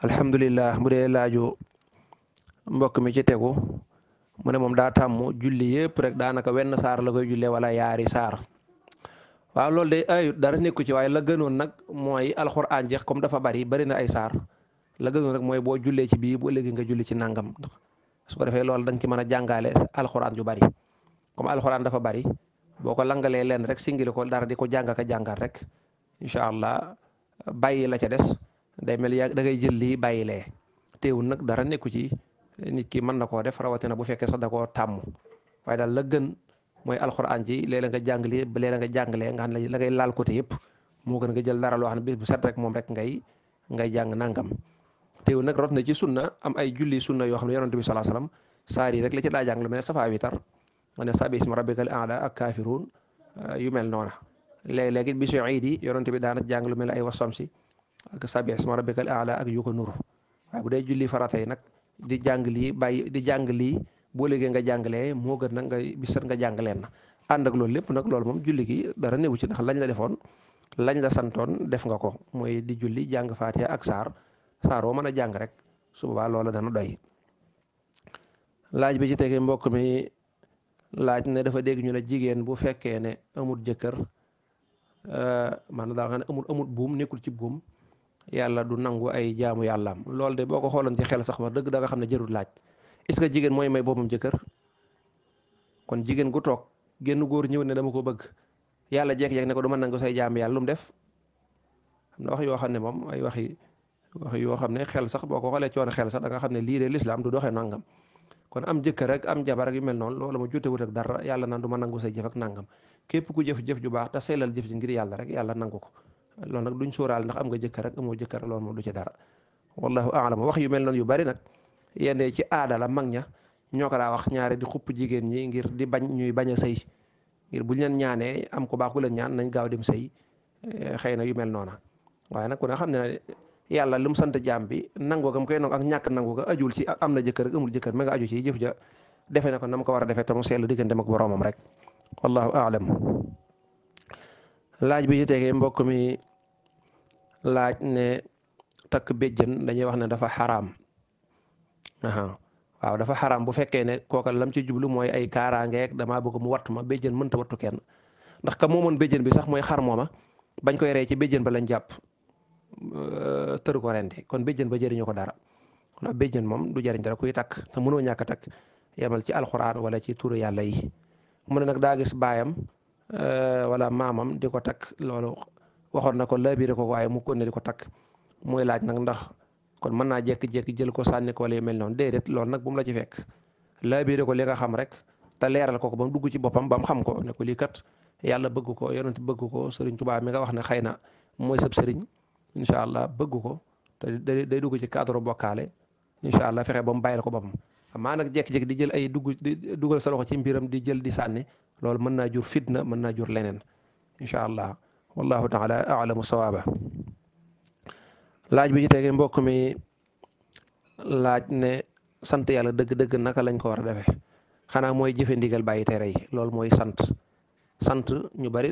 alhamdulilah bu dee laaju mbokk mi ci tegu mu ne moom daa tàmm julli yëpp rek daanaka wenn saar la koy jullee wala yaari saar waaw loolu de ayut dara nekku ci waay la gënoon nag mooy alxuraan jeex comme dafa bari bari na ay saar la gënoon rek mooy boo jullee ci bii bo ëllëgee nga julli ci nangam su ko defee loolu da nga ci mën a jàngaale alxuraan ju bari comme alxuraan dafa bari boo ko langalee leen rek singili ko dara di ko jàng ak a jàngal rek incha allah bàyyi la ca des. day mel yaa da ngay jël lii bàyyi lee teewul nag dara nekku ci nit ki mën na koo def na bu fekkee sax da koo tàmm waaye daal la gën mooy alxuraan ji léeg nga jàng lii léeg-la nga jàngalee nga xam ne la ngay laal côté yëpp moo gën nga jël dara loo xam ne bis bu set rek moom rek ngay ngay jàng nangam teewul nag root na ci sunna am ay julli sunna yoo xam ne yonent bi salaa salaam saar yi rek la ci daa jàng lu mel ne safa witar ma ne sabi isma rabbikal aala ak kaafiruun yu mel noona léeg-léeg it bisu iid yi yonent bi daana jàng lu mel ne ay wasamsi ak sabbih ma rabbikal a'la ak yu ko nuru waaye bu dee julli farata nag di jàng lii bàyyi di jàng lii boo léegee nga jàngalee moo gën nag nga bisat nga jàngaleen na ànd ak loolu lépp nag loolu moom julli gi dara newu ci ndax lañ la defoon lañ la santoon def nga ko mooy di julli jàng faatiha ak saar saar woo mën a jàng rek su boobaa loola dana doy laaj bi ci tegee mbokk mi laaj ne dafa dégg ñu ne jigéen bu fekkee ne amul jëkkër euh, man daal xam ne amul amul buum nekkul ci buum yàlla du nangu ay jaamu yàllaam loolu de boo ko xoolan ci xel sax wax dëgg danga xam ne jërul laaj est jigéen mooy may boppam jëkkër kon jigéen gu toog génn góor ñëw ne dama ko bëgg yàlla jékki-jékki ne ko du ma say jaamu yàlla lu mu def na wax yoo xam ne moom ay waxi wax yoo xam ne xel sax boo ko xoolee coon xel sax danga xam ne lii de lislaam du doxee nangam kon am jëkkër rek am jabar ak yu mel noonu loolu ma jotewut ak dara yàlla naan du ma nangu say jëf ak nangam képp ku jëf-jëf ju baax te sellal jëf ji ngir yàlla rek yàlla nangu ko loolu nag duñ sóoraal ndax am nga jëkkër ak amoo jëkkër loolu moom du ci dara wallahu aalam wax yu mel noonu yu bari nag yenn ci aadala mag ña ñoo ko daa wax ñaare di xupp jigéen ñi ngir di bañ ñuy bañ a sëy ngir bu leen ñaanee am ku baax ku leen ñaan nañ gaaw dem sëy eh, xëy na yu mel noona waaye nag ko ne xam ne yàlla lu mu sant jaam bi nangoo gam koy nangu ak ñàkk nangu ko ajul ci am na jëkkër ak amul jëkkër ma nga aju ci jëf ja defe na ko na mu ko war a defee te mu seetlu diggante ak boroomam rek wallahu aalam laaj bi ci tegee mbokk mi laaj ne takk béjjën dañuy wax ne dafa xaram waaw dafa xaraam bu fekkee ne kooka lam ci jublu mooy ay kaaraangeeg damaa bëgg mu wattu ma béjjën mënta wattu kenn ndax ka moomoon béjjën bi sax mooy xar mooma bañ koy rey ci béjjën ba lañ jàpp tëru ko rendi kon béjjën ba jëriñu ko dara ndax béjjën moom du jëriñ dara kuy takk te mënoo ñàkk takk yemal ci alxuraan wala ci turu yàlla yi mu ne nag daa gis baayam Euh, wala maamam di ko takk loolu waxoon na ko laabire ko waaye mukkoon konne di ko takk mooy laaj nag ndax kon mën naa jékki-jékki jël ko sànni ko wala yu mel noonu déedéet loolu nag bu mu la ci fekk laabire ko li nga xam rek te leeral ko ko ba mu dugg ci boppam ba mu xam ko ne ko lii kat yàlla bëgg ko yonent bëgg ko sëriñ Tuubaa mi nga wax ne xëy na mooy sëb sëriñ incha allah bëgg ko te day dugg ci cadre bokkaale incha allah fexe ba mu bàyyil ko boppam. amaa nag jékki di jël ay dugg di dugal sa loxo ci mbiram di jël di sànni loolu mën naa jur fitna mën na jur leneen incha allah wallahu taala alamu sawaaba laaj bi ci tege mbokk mi laaj ne sant yàlla dëgg-dëgg naka lañ ko war a defee xanaa mooy jëfe ndigal bàyyi tere yi loolu mooy sant sant ñu bari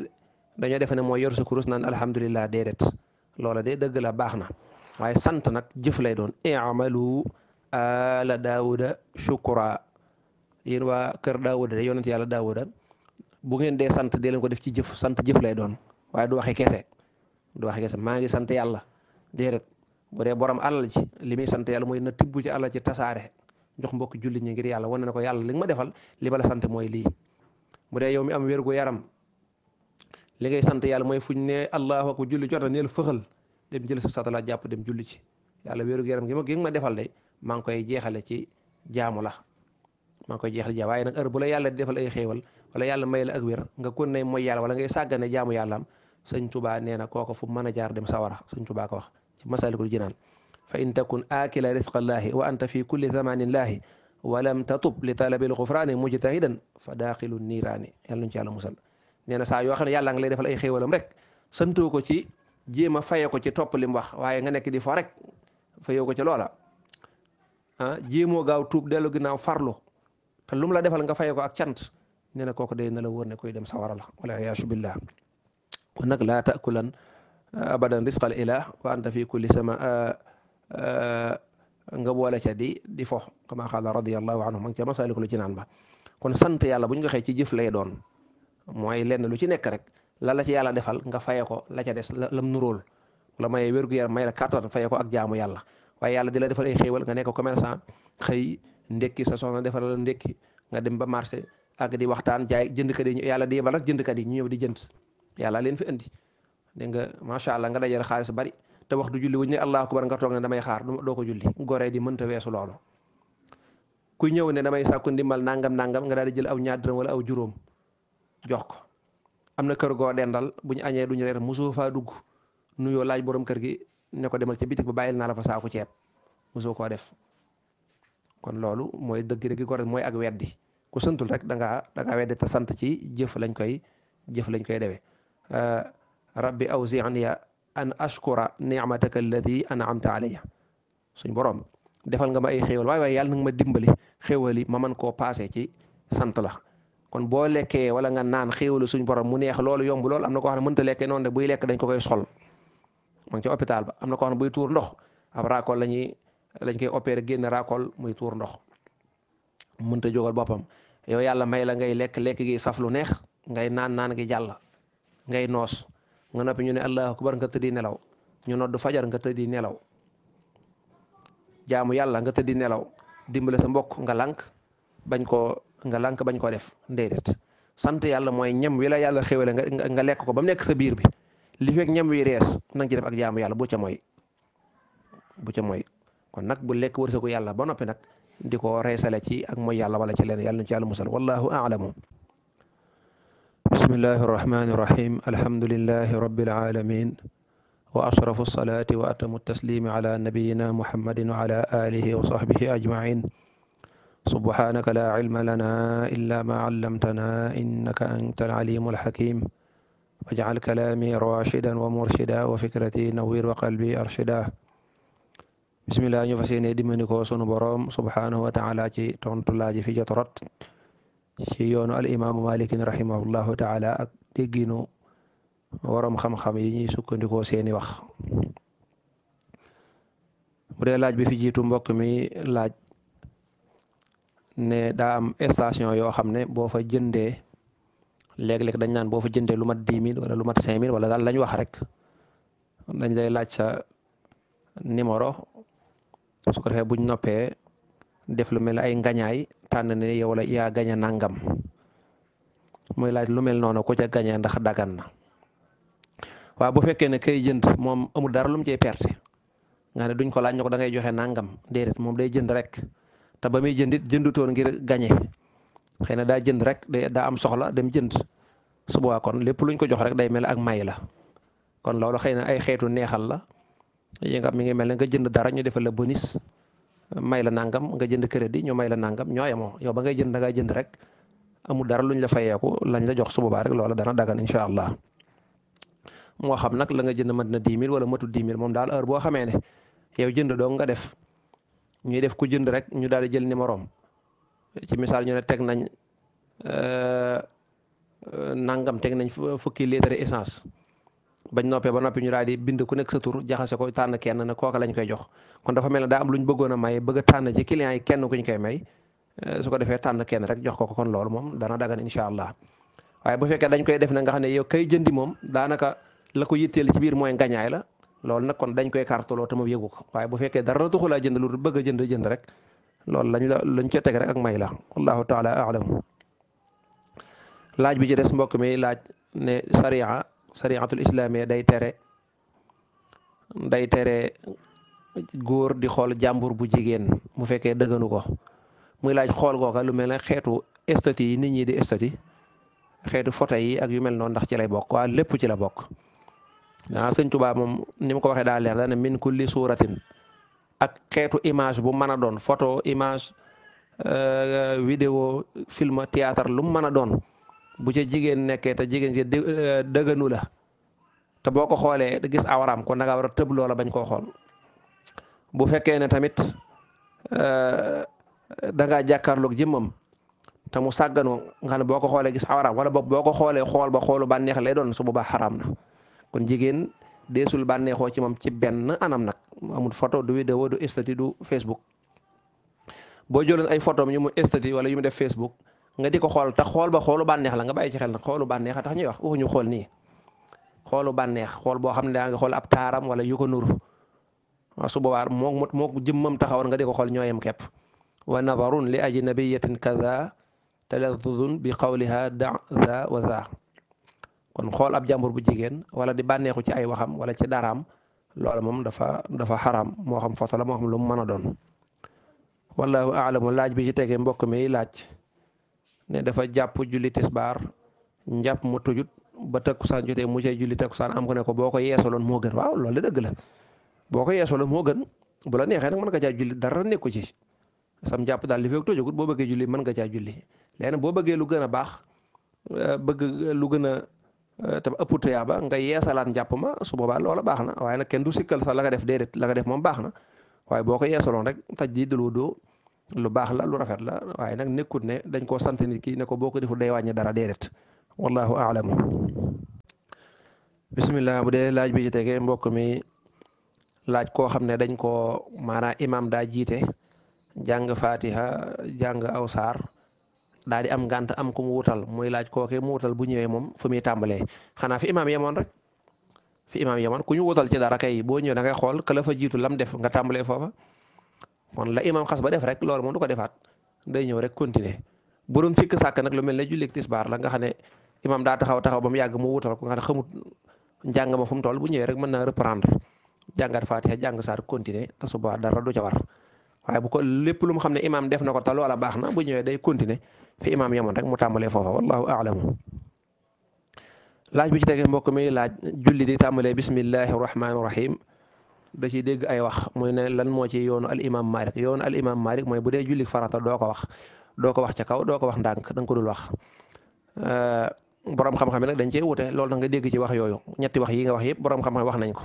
dañoo defe ne mooy yor sa kurus nan alhamdulilah déedéet loola de dëgg la baax na waaye sant nag jëf lay doon i'malu ala daawuda shukra yéen waa kër daawuda de yonent yàlla daawuda bu ngeen dee sant dee leen ko def ci jëf sant jëf lay doon waaye du waxe kese du waxe kese maa ngi sant yàlla déedéet bu dee borom alal ci li muy sant yàlla mooy na tibb ci alal ci tasaare jox mbokk jullit ñi ngir yàlla wane na ko yàlla li ma defal li ma la mooy lii bu dee yow mi am wérgu yaram li ngay sant yàlla mooy fuñ ne allahu akbar julli jot na neel fëxal dem jël sa satala jàpp dem julli ci yàlla wérgu yaram gi ma gi nga defal de maa ngi koy jeexale ci jaamu la maa ngi koy jeexale jaam waaye nag heure bu la yàlla di defal ay xéewal wala yàlla may la ak wér nga kon ne mooy yàlla wala ngay sàggane jaamu yàllaam sëñ Tuubaa nee na kooko fu mën a jaar dem sawara sa Tuubaa ko wax ci masalikul jinaan fa in takun aakila risqallaahi wa anta fi kulli zamanin laahi wa lam tatub li talabil xufraani mujtahidan fa daaxilu niiraani yàlla nuñ ci yàlla musal nee na saa yoo xam ne yàlla nga lay defal ay xéewalam rek santoo ko ci jéem a ko ci topp lim wax waaye nga nekk di fo rek fayoo ko ci loola ah gaaw tuub dellu ginnaaw farlu te lu mu nee na kooku day na la wóor ne koy dem sawara la wala yaasu billah kon nag laa takulan abadan risqal ilah wa anta fi sama eh, nga boole ca di di fo kama xaala radiallahu anhu ma ngi ca masalikul jinaan ba kon sant yàlla bu ñu ko ci jëf lay doon mooy lenn lu ci nekk rek la la ci yàlla defal nga faye ko la ca des lam nuróol la may wér-gu-yaram may la kàttan faye ko ak jaamu yàlla waaye yàlla di la defal ay xéewal nga nekk commerçant xëy ndekki sa soxna defal la ndekki nga dem ba marché ak di waxtaan jaay jëndkat yi yàlla di yebal rek jëndkat yi ñu ñëw di jënd yàlla leen fi indi dégg nga macha allah nga dajale xaalis bari te wax du julli wuñ ne allahu akbar nga toog ne damay xaar doo ko julli goree di mënta weesu loolu ku ñëw ne damay sàkku ndimbal nangam nangam nga daal di jël aw ñaar dërëm wala aw juróom jox ko am na kër goo dendal bu ñu añee duñu reer mosoo fa dugg nuyoo laaj boroom kër gi ne ko demal ca bitik ba bàyyil naa la fa saaku ceeb mosoo koo def kon loolu mooy dëgg-dëgg gore mooy ak weddi ku santul rek da ngaa da ngaa sant ci jëf lañ koy jëf lañ koy dewee euh, rabbi awzi'niya an ashkura ni'mataka allati am alayya suñ borom defal nga ma ay xéewal waaye waaye yàlla nanga ma dimbali xéewal yi ma man koo paase ci sant la kon boo lekkee wala nga naan xéewalu suñ borom mu neex loolu yomb loolu am na koo xam ne mënta lekkee noon de buy lekk dañ ko koy sol ma ngi ci hôpital ba am na koo xam ne buy tuur ndox ab raakool lañuy lañ koy opéré génn raakool muy tuur ndox mënta jógal boppam yow yàlla may la ngay lekk lekk gi saf lu neex ngay naan naan gi jàll ngay noos nga noppi ñu ne allahu akbar nga tëddi nelaw ñu noddu fajar nga tëddi nelaw jaamu yàlla nga tëddi nelaw dimbale sa mbokk nga lank bañ koo nga lànk bañ koo def déedéet sant yàlla mooy ñem wi la yàlla xéwale nga nga lekk ko ba mu nekk sa biir bi li fekk ñam wi rees na nga ci def ak jaamu yàlla bu ca moy bu ca moy kon nag bu lekk wërsëgu yàlla ba noppi nag di ko reesale ci ak mooy yàlla wala ci leen yàlla nu ci yàlla musal wallahu aalamu bismillahi arrahmani irrahim alhamdulilahi rabbil alamin wa ashrafu alsalati wa atamu taslimi ala nabiyina muhammadin wa ala alihi wa sahbihi ajmain subhanaka la ilma lana illa ma allamtana innaka anta alalimu alhakim wajcal kalami rashidan wa murshida wa fikrati nawwir wa qalbi arshida bisimilah ñu fas yéene dimandikoo sunu boroom subhaanahu wa taala ci tontu laaji fi jotorot ci yoonu al imaamu malikin rahimahullahu taala ak dégginu waroom xam-xam yi ñuy sukkandikoo seeni wax bu dee laaj bi fi jiitu mbokk mi laaj ne daa am station yoo xam ne boo fa jëndee léeg-léeg dañ naan bo fa jëndee lu mat dix mille wala lu mat cinq mille wala daal lañ wax rek dañ lay laaj sa numéro su ko defee buñ noppee def lu mel ay ngañaay tànn ne yow la yaa gañe nangam muy laaj lu mel noonu ku ca gañe ndax dagan na waaw bu fekkee ne kay jënd moom amul dara lu mu cee perte nga ne duñ ko laaj ne ko da ngay joxe nangam déedéet moom day jënd rek te ba muy jëndit jëndutoon ngir gañe xëy na daa jënd rek daa am soxla dem jënd suba boobaa kon lépp luñ ko jox rek day mel ak may la kon loolu xëy na ay xeetu neexal la. yi nga mi ngi mel ne nga jënd dara ñu defal la bonis may la nangam nga jënd crédit ñu may la nangam ñooy yemoo yow ba ngay jënd da jënd rek amul dara luñ la fayeeku lañ la jox su boobaa rek loola dana dagan incha allah moo xam nag la nga jënd mat na 10 000 wala matu 10 000 moom daal heure boo xamee ne yow jënd dong nga def ñuy def ku jënd rek ñu daal di jël numéroom ci misaal ñu ne teg nañ euh, euh, nangam teg nañ fukki litre essence bañ noppee ba noppi ñu daal bind ku nekk sa tur jaxase ko tànn kenn na kooka lañ koy jox kon dafa mel ne daa am lu ñu bëggoon a may bëgg a tànn ci client yi kenn ku ñu koy may eh, su ko defee tànn kenn rek jox ko ko kon loolu moom dana dagan incha allah waaye bu fekkee dañ koy def na nga xam ne yow kay jëndi moom daanaka la ko yitteel ci biir mooy ngañaay la loolu nag kon dañ koy kartuloo te moom yëgu ko waaye bu fekkee dara tuxu laa jënd lu bëgg a jënd jënd rek loolu lañ la lañ ca teg rek ak may la wallahu taala alam laaj bi ci des mbokk mi laaj ne sariya sariatul islaamiya day tere day tere góor di xool jàmbur bu jigéen bu fekkee dëgganu ko muy laaj xool googa lu mel ne xeetu estati yi nit ñi di estati xeetu photo yi ak yu mel noonu ndax ci lay bokk waa lépp ci la bokk ah sëñ Tuubaa moom ni mu ko waxee daa leer dana min kulli suuratin ak xeetu image bu mën a doon photo image euh, vidéo film théâtre lu mu mën a doon bu ca jigéen nekkee te jigéen ci euh, dëgganu la te boo ko xoolee gis awraam kon nanga war a tëb loola bañ koo xool bu fekkee ne tamit euh, da ngaa jàkkaarloog jëmmam te mu sàgganu nga ne boo ko xoolee gis awraam wala boog boo ko xoolee xool ba xoolu bànneex lay doon su boobaa xaraam na kon jigéen deesul bànneexoo ci moom ci benn anam nag amul photo du vidéo du statut du Facebook boo jëloon ay photo yu mu statut wala yu mu def Facebook nga di ko xool te xool ba xoolu bànneex la nga bàyyi ci xel nag xoolu bànneex a tax ñuy wax waxuñu xool nii xoolu bànneex xool boo xam ne daa nga xool ab taaram wala yu ko nuru su boobaa moo mot moo jëmmam taxawoon nga di ko xool ñooyam képp wa nadarun li ajnabiyatin kaza taladdudun bi qawliha da sa wa kon xool ab jàmbur bu jigéen wala di bànneexu ci ay waxam wala ci daraam lool moom dafa dafa xaraam moo xam foto la moo xam lu mu mën a doon laaj bi ci ne dafa jàpp julli tisbaar jàpp mu tujut ba takkusaan jotee mu cay julli takkusaan am ko ne ko boo ko yeesaloon moo gën waaw loolu dëgg la boo ko yeesaloon moo gën bu la neexee nag mën nga caa julli dara nekku ci sam jàpp daal li fekk tojagut boo bëggee julli mën nga caa julli léegi nag boo bëggee lu gën a baax euh, bëgg lu gën a euh, te ëpp tuyaaba nga yeesalaat njàpp ma su boobaa loola baax na waaye nag kenn du sikkal sax la nga def déedéet la nga def moom baax na waaye boo ko yeesaloon rek taj di dul doo lu baax la lu rafet la waaye nag nekkut ne dañ koo sant nit ki ne ko boo ko deful day wàññi dara déedéet wallahu aalamu bisimilah bu dee laaj bi ci tege mbokk mi laaj koo xam ne dañ koo maanaam imaam daa jiite jàng fatiha jàng aw saar daa di am ngànt am ku mu wutal muy laaj kooke mu wutal bu ñëwee moom fu muy tàmbalee xanaa fi imaam yemoon rek fi imaam yemoon ku ñu wutal ci dara kay boo ñëwee da ngay xool ka la fa jiitu lam def nga tàmbalee foofa kon la imam xas ba def rek lool moom du ko defaat day ñëw rek continuer bu doon sikk sàkk nag lu mel ne julleeg tisbaar la nga xam ne imam daa taxaw taxaw ba mu yàgg mu wutal ko nga xam ne xamut njàng ma fu mu toll bu ñëwee rek mën naa reprendre jàngat fatiha jàng saar continuer te suba dara du ca war waaye bu ko lépp lu mu xam ne imaam def na ko te a baax na bu ñëwee day continuer fi imam yemoon rek mu tàmbalee foofa wallahu a'lamu laaj bu ci tege mbokk mi laaj julli di tàmbalee bismillahi rahmaani rahim da ciy dégg ay wax mooy ne lan moo ci yoonu al imam malik al imam malik mooy bu dee julli farata doo ko wax doo ko wax ca kaw doo ko wax ndànk da nga ko dul wax euh, borom xam-xam yi nag dañ cee wute loolu da nga dégg ci wax yooyu ñetti wax yi nga wax yëpp borom xam-xam wax nañ ko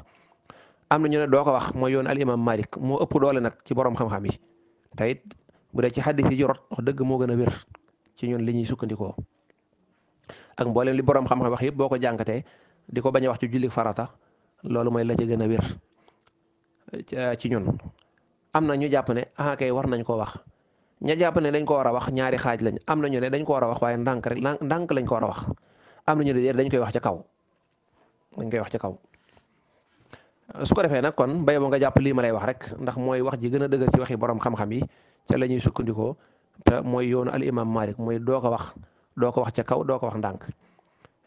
am na ñu ne doo ko wax mooy yoon al moo ëpp doole nag ci borom xam yi te it bu dee ci xaddis yi jorot wax dëgg moo gën a wér ci ñun li ñuy sukkandikoo ak mboolem li borom xam wax yëpp boo ko jàngatee di ko bañ a wax ci julli farata loolu mooy la ci gën a wér ci ñun am na ñu jàpp ne ah kay war nañ koo wax ña jàpp ne dañ ko war a wax ñaari xaaj lañ am na ñu ne dañ ko war a wax waaye ndànk rek ndànk lañ ko war a wax am na ñu ne dañ koy wax ca kaw dañ koy wax ca kaw. su ko defee nag kon béy boo nga jàpp lii ma lay wax rek ndax mooy wax ji gën a dëgër ci waxi borom xam-xam yi ca lañuy ñuy sukkandikoo te mooy yoonu al imam Malik mooy doo ko wax doo ko wax ca kaw doo ko wax ndànk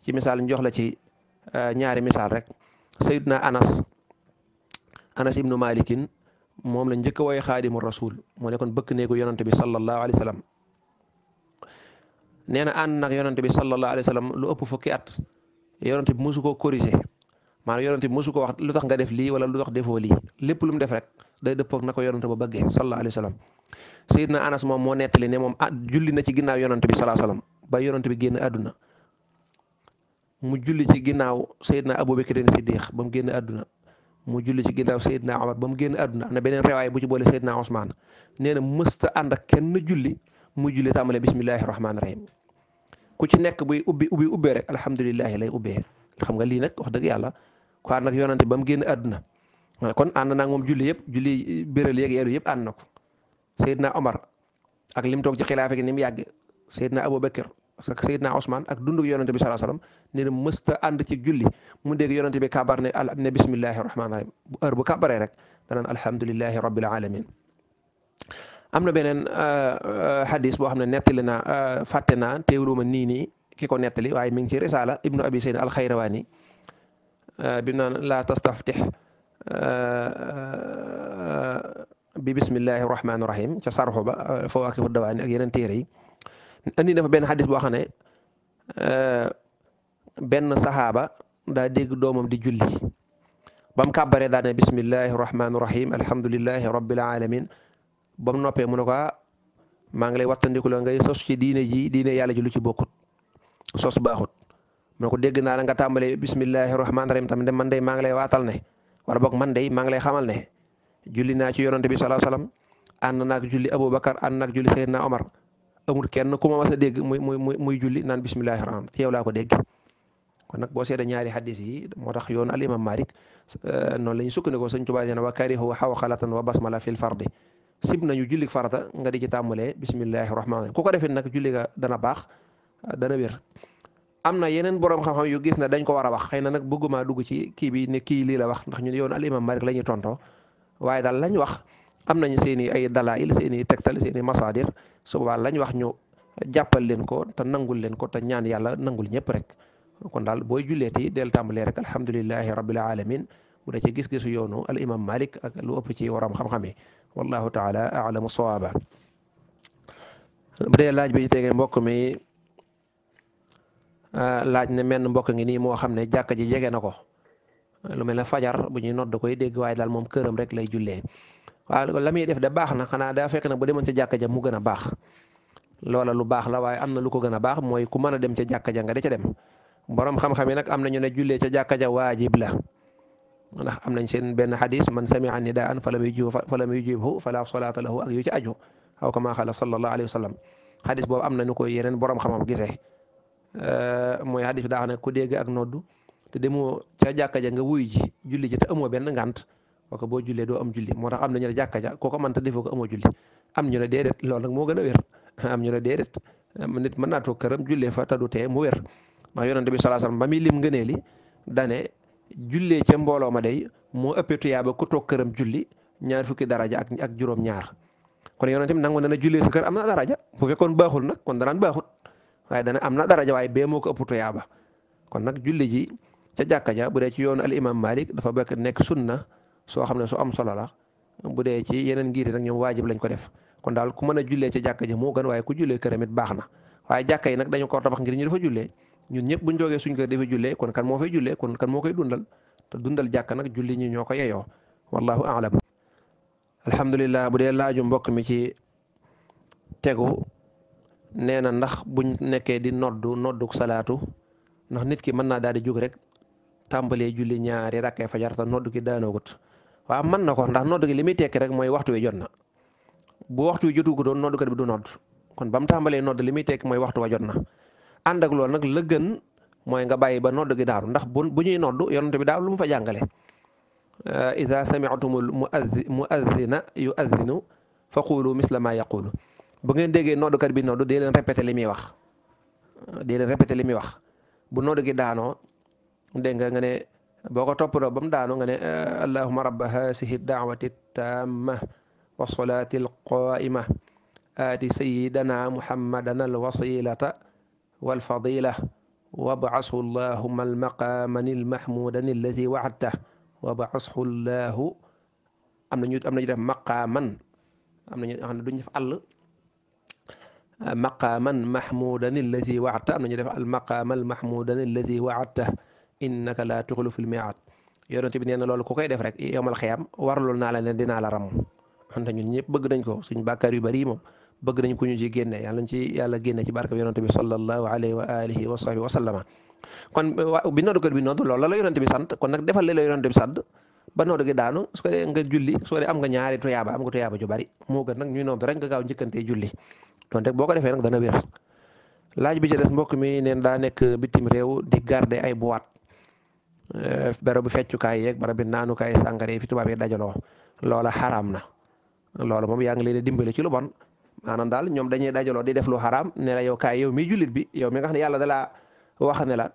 ci misaal ñu jox la ci euh, ñaari misaal rek anas ibnu malikin moom la njëkk a woy xaadimu rasul moo nekkoon bëkk néegu yonante bi sallallahu alayhi wa na ànd nag yonante bi sallallahu alayhi wa lu ëpp fukki at yonante bi mosu koo corrigé maanaam yonante bi mosu ko wax lu tax nga def lii wala lu tax defoo lii lépp lu mu def rek day dëppoog na ko yonante ba bëggee sallallahu alayhi wa sallam sayidna anas moom moo nettali ne moom ah julli na ci ginnaaw yonante bi sallallahu alayhi wa sallam ba yonante bi génn àdduna mu julli ci ginnaaw sayidna abubakrin siddiq ba mu génn àdduna mu julli ci ginnaaw Seydina Omar ba mu génn àdduna am na beneen rewaay bu ci boole Seydina Ousmane nee na mësta ànd ak kenn julli mu julli tàmbale bismillahi rahmaani rahim ku ci nekk buy ubbi ubbi ubbee rek alhamdulilahi lay ubbee xam nga lii nag wax dëgg yàlla ko ànd ak yonante ba mu génn àdduna kon ànd naa moom julli yëpp julli bérél yeeg yeedu yëpp ànd na ko Seydina Omar ak lim toog ci xilaafa ni mu yàgg Seydina Aboubacar parce que Seydina Ousmane ak dundug yonente bi salaa salaam nee na mësta ànd ci julli mu dégg yonente bi kabar ne ne bismillahi rahmaani rahim bu heure rek danaan alhamdulillahi rabbil am na beneen euh, euh, hadis boo xam ne nettali na euh, fàtte naa teewluma nii nii ki nettali waaye mi ngi ci risaala ibnu abi sayd al xayrawaani bi mu naan laa tastaftih bi bismillahi rahmaani rahim ca sarxu ba fawaakihu ak yeneen yi andi na fa benn xadis boo xam ne euh, benn saxaaba daa dégg doomam di julli ba mu kàbbaree daa ne bismillahi rahmaani rahim alhamdulillahi rabbil alamin ba noppee mu ne ko ah, maa ngi lay wattandiku la ngay sos ci diine ji diine yàlla ji lu ci bokkut sos baaxut mu ne ko dégg naa la nga tàmbalee bismillahi rahmaani rahim tamit man day maa ngi lay waatal ne wala boog man day maa ngi lay xamal ne julli naa ci yonante bi sallallahu alayhi wasallam ànd naag julli Aboubacar ànd naag amul kenn ku ma mas a dégg muy muy muy muy julli naan bismillahi rahmaan ci laa ko dégg kon nag boo seeda ñaari xaddis yi moo tax yoon al imam malik euh, noonu la ñu sukkandikoo sëñ Tuubaa nee na wa karihu xaw xalatan wa basmala fil fardi sib nañu julli farata nga di ci tàmbalee bismillahi rahmaan ku ko defee nag julli dana baax dana wér am na yeneen borom xam yu gis na dañ ko war a wax xëy na nag bëgguma dugg ci kii bi ne kii lii la wax ndax ñun yoon al imam malik la ñuy tontoo waaye daal lañ wax am nañ seeni ay dalail seen i tegtal seen i masaadir su boobaa lañ wax ñu jàppal leen ko te nangul leen ko ñaan yàlla nangul ñëpp rek kon daal booy julleeti del tambule rek alhamdulilahi rabbil alamin bu dee ci gis-gisu yoonu al ak lu ëpp ci waram xam-xam yi wallahu taala alamu sawaaba bu laaj bi ñu mbokk mi ah, laaj ne menn mbokk ngi nii moo xam ne jàkka ji jege na ko lu mel ne fajar bu ñuy nodd koy dégg waaye daal moom këram rek lay julee waaw la muy def de baax na xanaa daa fekk na bu demoon ca jàkka ja mu gën a baax loola lu baax la waaye am na lu ko gën a baax mooy ku mën a dem ca jàkka ja nga di ca dem borom xam-xam yi nag am nañu ne jullee ca jàkka ja waajib la ndax am nañ seen benn xadis man sami'a nidaan falam yujib falam yujibhu fala salaata lahu ak yu ci aju aw kama xala sallallahu alayhi wa sallam xadis boobu am na nu ko yeneen borom xam-xam gisee mooy xadis bi daa xam ku dégg ak noddu te demoo ca jàkka ja nga wuy ji julli ji te amoo benn ngant kooka boo jullee doo am julli moo tax am nañu ne jàkka ja kooka mënta defoo ko amoo julli am ñu ne déedéet loolu nag moo gën a am ñu ne déedéet nit mën naa toog këram jullee fa tadu tee mu weer ndax yonente bi salaa salaam ba muy lim ngënee li dane jullee ca mbooloo ma day moo ëppee tuyaaba këram julli ñaar fukki daraja ak ak juróom-ñaar kon yonente bi nangu na ne jullee sa kër am na daraja bu fekkoon baaxul nag kon danaan baaxut waaye dana am na daraja waaye bee moo ko ëpp tuyaaba kon nag julli ji ca jàkka ja bu dee ci yoonu al imam malik dafa bekk nekk sunna soo xam ne su am solo la bu dee ci yeneen ngir nag ñoom waajib lañ ko def kon daal ku mën a julle ci jàkka ji moo gën waaye ku jullee këram baax na waaye jàkka yi nag dañu ko tabax ngir ñu dafa jullee ñun ñëpp buñ jógee suñ kër dafa jullee kon kan moo fay kon kan moo koy te dundal jàkka nag julli ñi ñoo ko yeyoo wallahu aalam alhamdulilah bu dee laaju mbokk mi ci tegu nee na ndax buñ nekkee di noddu nodduk salaatu ndax nit ki mën naa daal di jóg rek tàmbalee julli ñaari rakkee fajar te noddu ki daanoogut waaw mën na ko ndax noddu gi li muy tekki rek mooy waxtu wi jot na bu waxtu wi jotu ko doon noddukat bi du nodd kon ba mu tàmbalee nodd li muy tekki mooy waxtu wa jot na ànd ak loolu nag la gën mooy nga bàyyi ba nodd gi daaru ndax bu bu ñuy nodd yonent bi daaw lu mu fa jàngale euh, iza sami'tumul muazzina yuazzinu fa qulu misla ma yaqulu bu ngeen déggee noddukat bi nodd dee leen répété li muy wax euh, dee leen répété li muy wax bu nodd gi daanoo dégg nga nga ne boo ko toppatoo ba mu daanu nga ne eh, allahuma rabba haasihi daawati taamma wasolaati alqaima aati sayidana muhammadan alwasilata walfadila wabcashu allahuma almaqaamani almahmudani alladi wacadta wabcashu allahu am nañu am nañu def maqaaman am nañu xam ne duñu def àll maqaaman mahmudan alladi wacadta am nañu def almaqaama almahmudan alladi wacadta innaka laa tuxliful miiaad yonent bi nee na loolu ku koy def rek yomal xiyam warlul naa la ne dinaa la ram xonte ñun ñëpp bëgg nañ ko suñ bàkkaar yu bari moom bëgg nañ ko ñu ci génne yàlla ñu génne ci barke bi yonent bi sallallahu alayhi wa alihi wa sahbihi wa la la bi sant kon nag defal la la yonent bi sant ba noddu gi daanu su ko dee nga julli su ko dee bari moo gën nag ñuy noddu rek nga gaaw njëkkantee julli donte boo ko defee nag dana wér laaj bi ci des mbokk mi neen daa nekk bitim réew di garder ay boîte Eh, barabu feccukaay yeeg barabu naanukaay sàngara yi fi tubaab yi dajaloo loola xaraam na loola moom yaa ngi leen dimbale ci lu bon maanaam daal ñoom dañuy dajaloo di def lu xaraam ne la yow kaay yow mi jullit bi yow mi nga xam ne yàlla dalaa wax ne la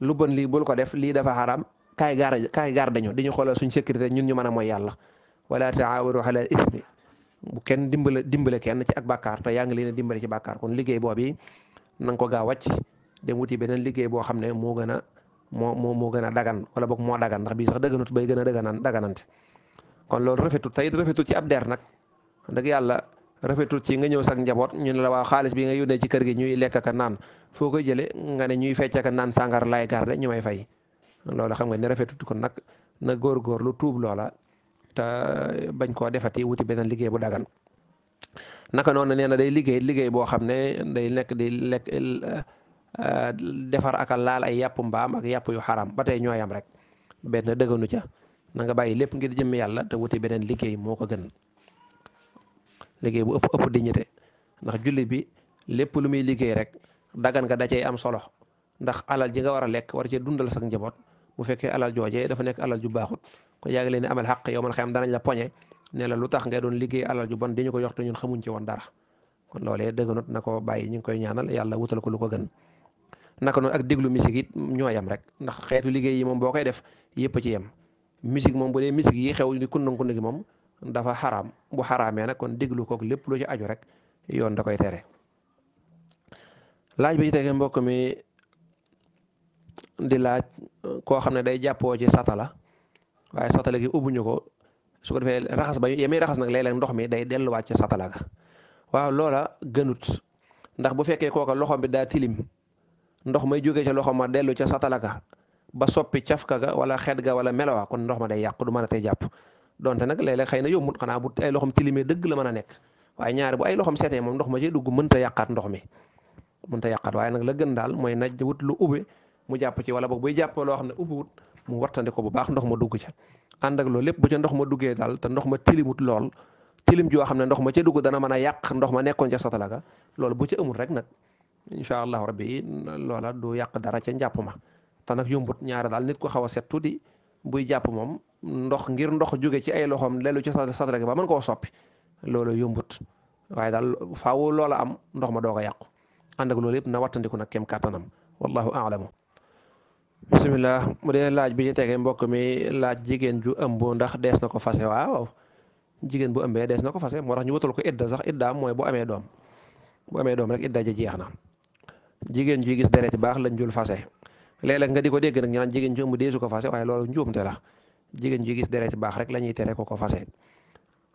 lu bon lii bul ko def lii dafa xaraam kaay gaar kaay gaar dañu di ñu xoolal suñ sécurité ñun ñu mën a mooy yàlla wala taawadu ala ismi bu kenn dimbale dimbale kenn ci ak bàkkaar te yaa ngi leen di dimbale ci bàkkaar kon liggéey boobu na nga ko gaaw wàcc dem wuti beneen liggéey boo xam ne moo gën a moo moo moo gën a dagan wala boog moo dagan ndax bii sax dëgganut bay gën a dëgganaan daganante kon loolu rafetul tey rafetul ci ab der nag dëgg yàlla rafetul ci nga ñëw sax njaboot ñu ne la waa xaalis bi nga yónnee ci kër gi ñuy lekk ak naan foo koy jëlee nga ne ñuy fecc ka naan sàngar gar garde ñu may fay loolu xam nga ne rafetul kon nag na lu tuub loola te bañ koo defati wuti beneen liggéey bu dagan naka noonu nee na day liggéey liggéey boo xam ne day nekk di lekk Euh, defar ak laal ay yàpp mbaam ak yàpp yu xaram ba tey ñooyam rek benn dëgganu ca na nga bàyyi lépp ngir jëmmi yàlla te wuti beneen liggéey moo ko gën liggéey bu ëpp ëpp dignité ndax jullit bi lépp lu muy liggéey rek dagan nga da cay am solo ndax alal ji nga war a lekk war cee dundal sax njaboot bu fekkee alal joojee dafa nekk alal ju baaxut kon yaa ngi leen di amal xaq yow man xam danañ la poñe ne la lu tax nga doon liggéey alal ju bon di ñu ko yox te ñun xamuñ ci woon dara kon loolee dëgganut na ko bàyyi ñu ngi koy ñaanal yàlla ko lu ko gën naka noonu ak déglu musique it ñoo yem rek ndax xeetu liggéey yi moom boo koy def yëpp ci yem musique moom bu dee musique yi xew ni kunna kunna gi moom dafa xaraam bu xaraamee nag kon déglu kook lépp lu ci aju rek yoon da koy tere laaj bi ci mbokk mi di laaj koo xam ne day jàppoo ci satala waaye satala gi ubbuñu ko su ko defee raxas ba yemee raxas nag léeg-léeg ndox mi day delluwaat ci satala ga waaw loola gënut ndax bu fekkee kooka loxo bi daa tilim ndox may jógee ca loxo ma dellu ca satalaka ba soppi cafka ga wala xet ga wala melawa kon ndox ma day yàq du mën a tey jàpp donte nag léeg-léeg xëy na yombut xanaa bu ay loxom tilimee dëgg la mën a nekk waaye ñaari bu ay loxom seetee moom ndox ma ci dugg mënta yàqaat ndox mi mënta yàqaat waaye nag la gën daal mooy naj wut lu ubbe mu jàpp ci wala boog buy jàpp loo xam ne ubbiwut mu wartandi ko bu baax ndox ma dugg ca ànd ak loolu lépp bu ca ndox ma duggee daal te ndox ma tilimut lool tilim joo xam ne ndox ma ca dugg dana mën a yàq ndox ma nekkoon ca satalaga loolu bu ca amul rek nag incha allahu rabbi loola du yàq dara ca njàpp ma te nag yombut ñaara daal nit ko xaw a set tuuti buy jàpp moom ndox ngir ndox jóge ci ay loxoom lelu ci sadra ba mën koo soppi loolu yombut waaye daal faaw loola am ndox ma doog a yàqu ànd ak loolu yëpp na wattandiku nag kem kàttanam wallahu aalamu bisimilah mu dee laaj bi ci tegee mbokk mi laaj jigéen ju ëmb ndax dees na ko fase waaw jigéen bu ëmbee dees na ko fase moo tax ñu wutal ko idda sax iddaam mooy bu amee doom bu amee doom rek idda jeex na jigéen ji gis deret baax lañ jul fase léeg-léeg nga di ko dégg nag ñu naan jigéen mu deesu ko fase waaye loolu njuumte ji gis deret baax rek la ñuy tere ko ko fase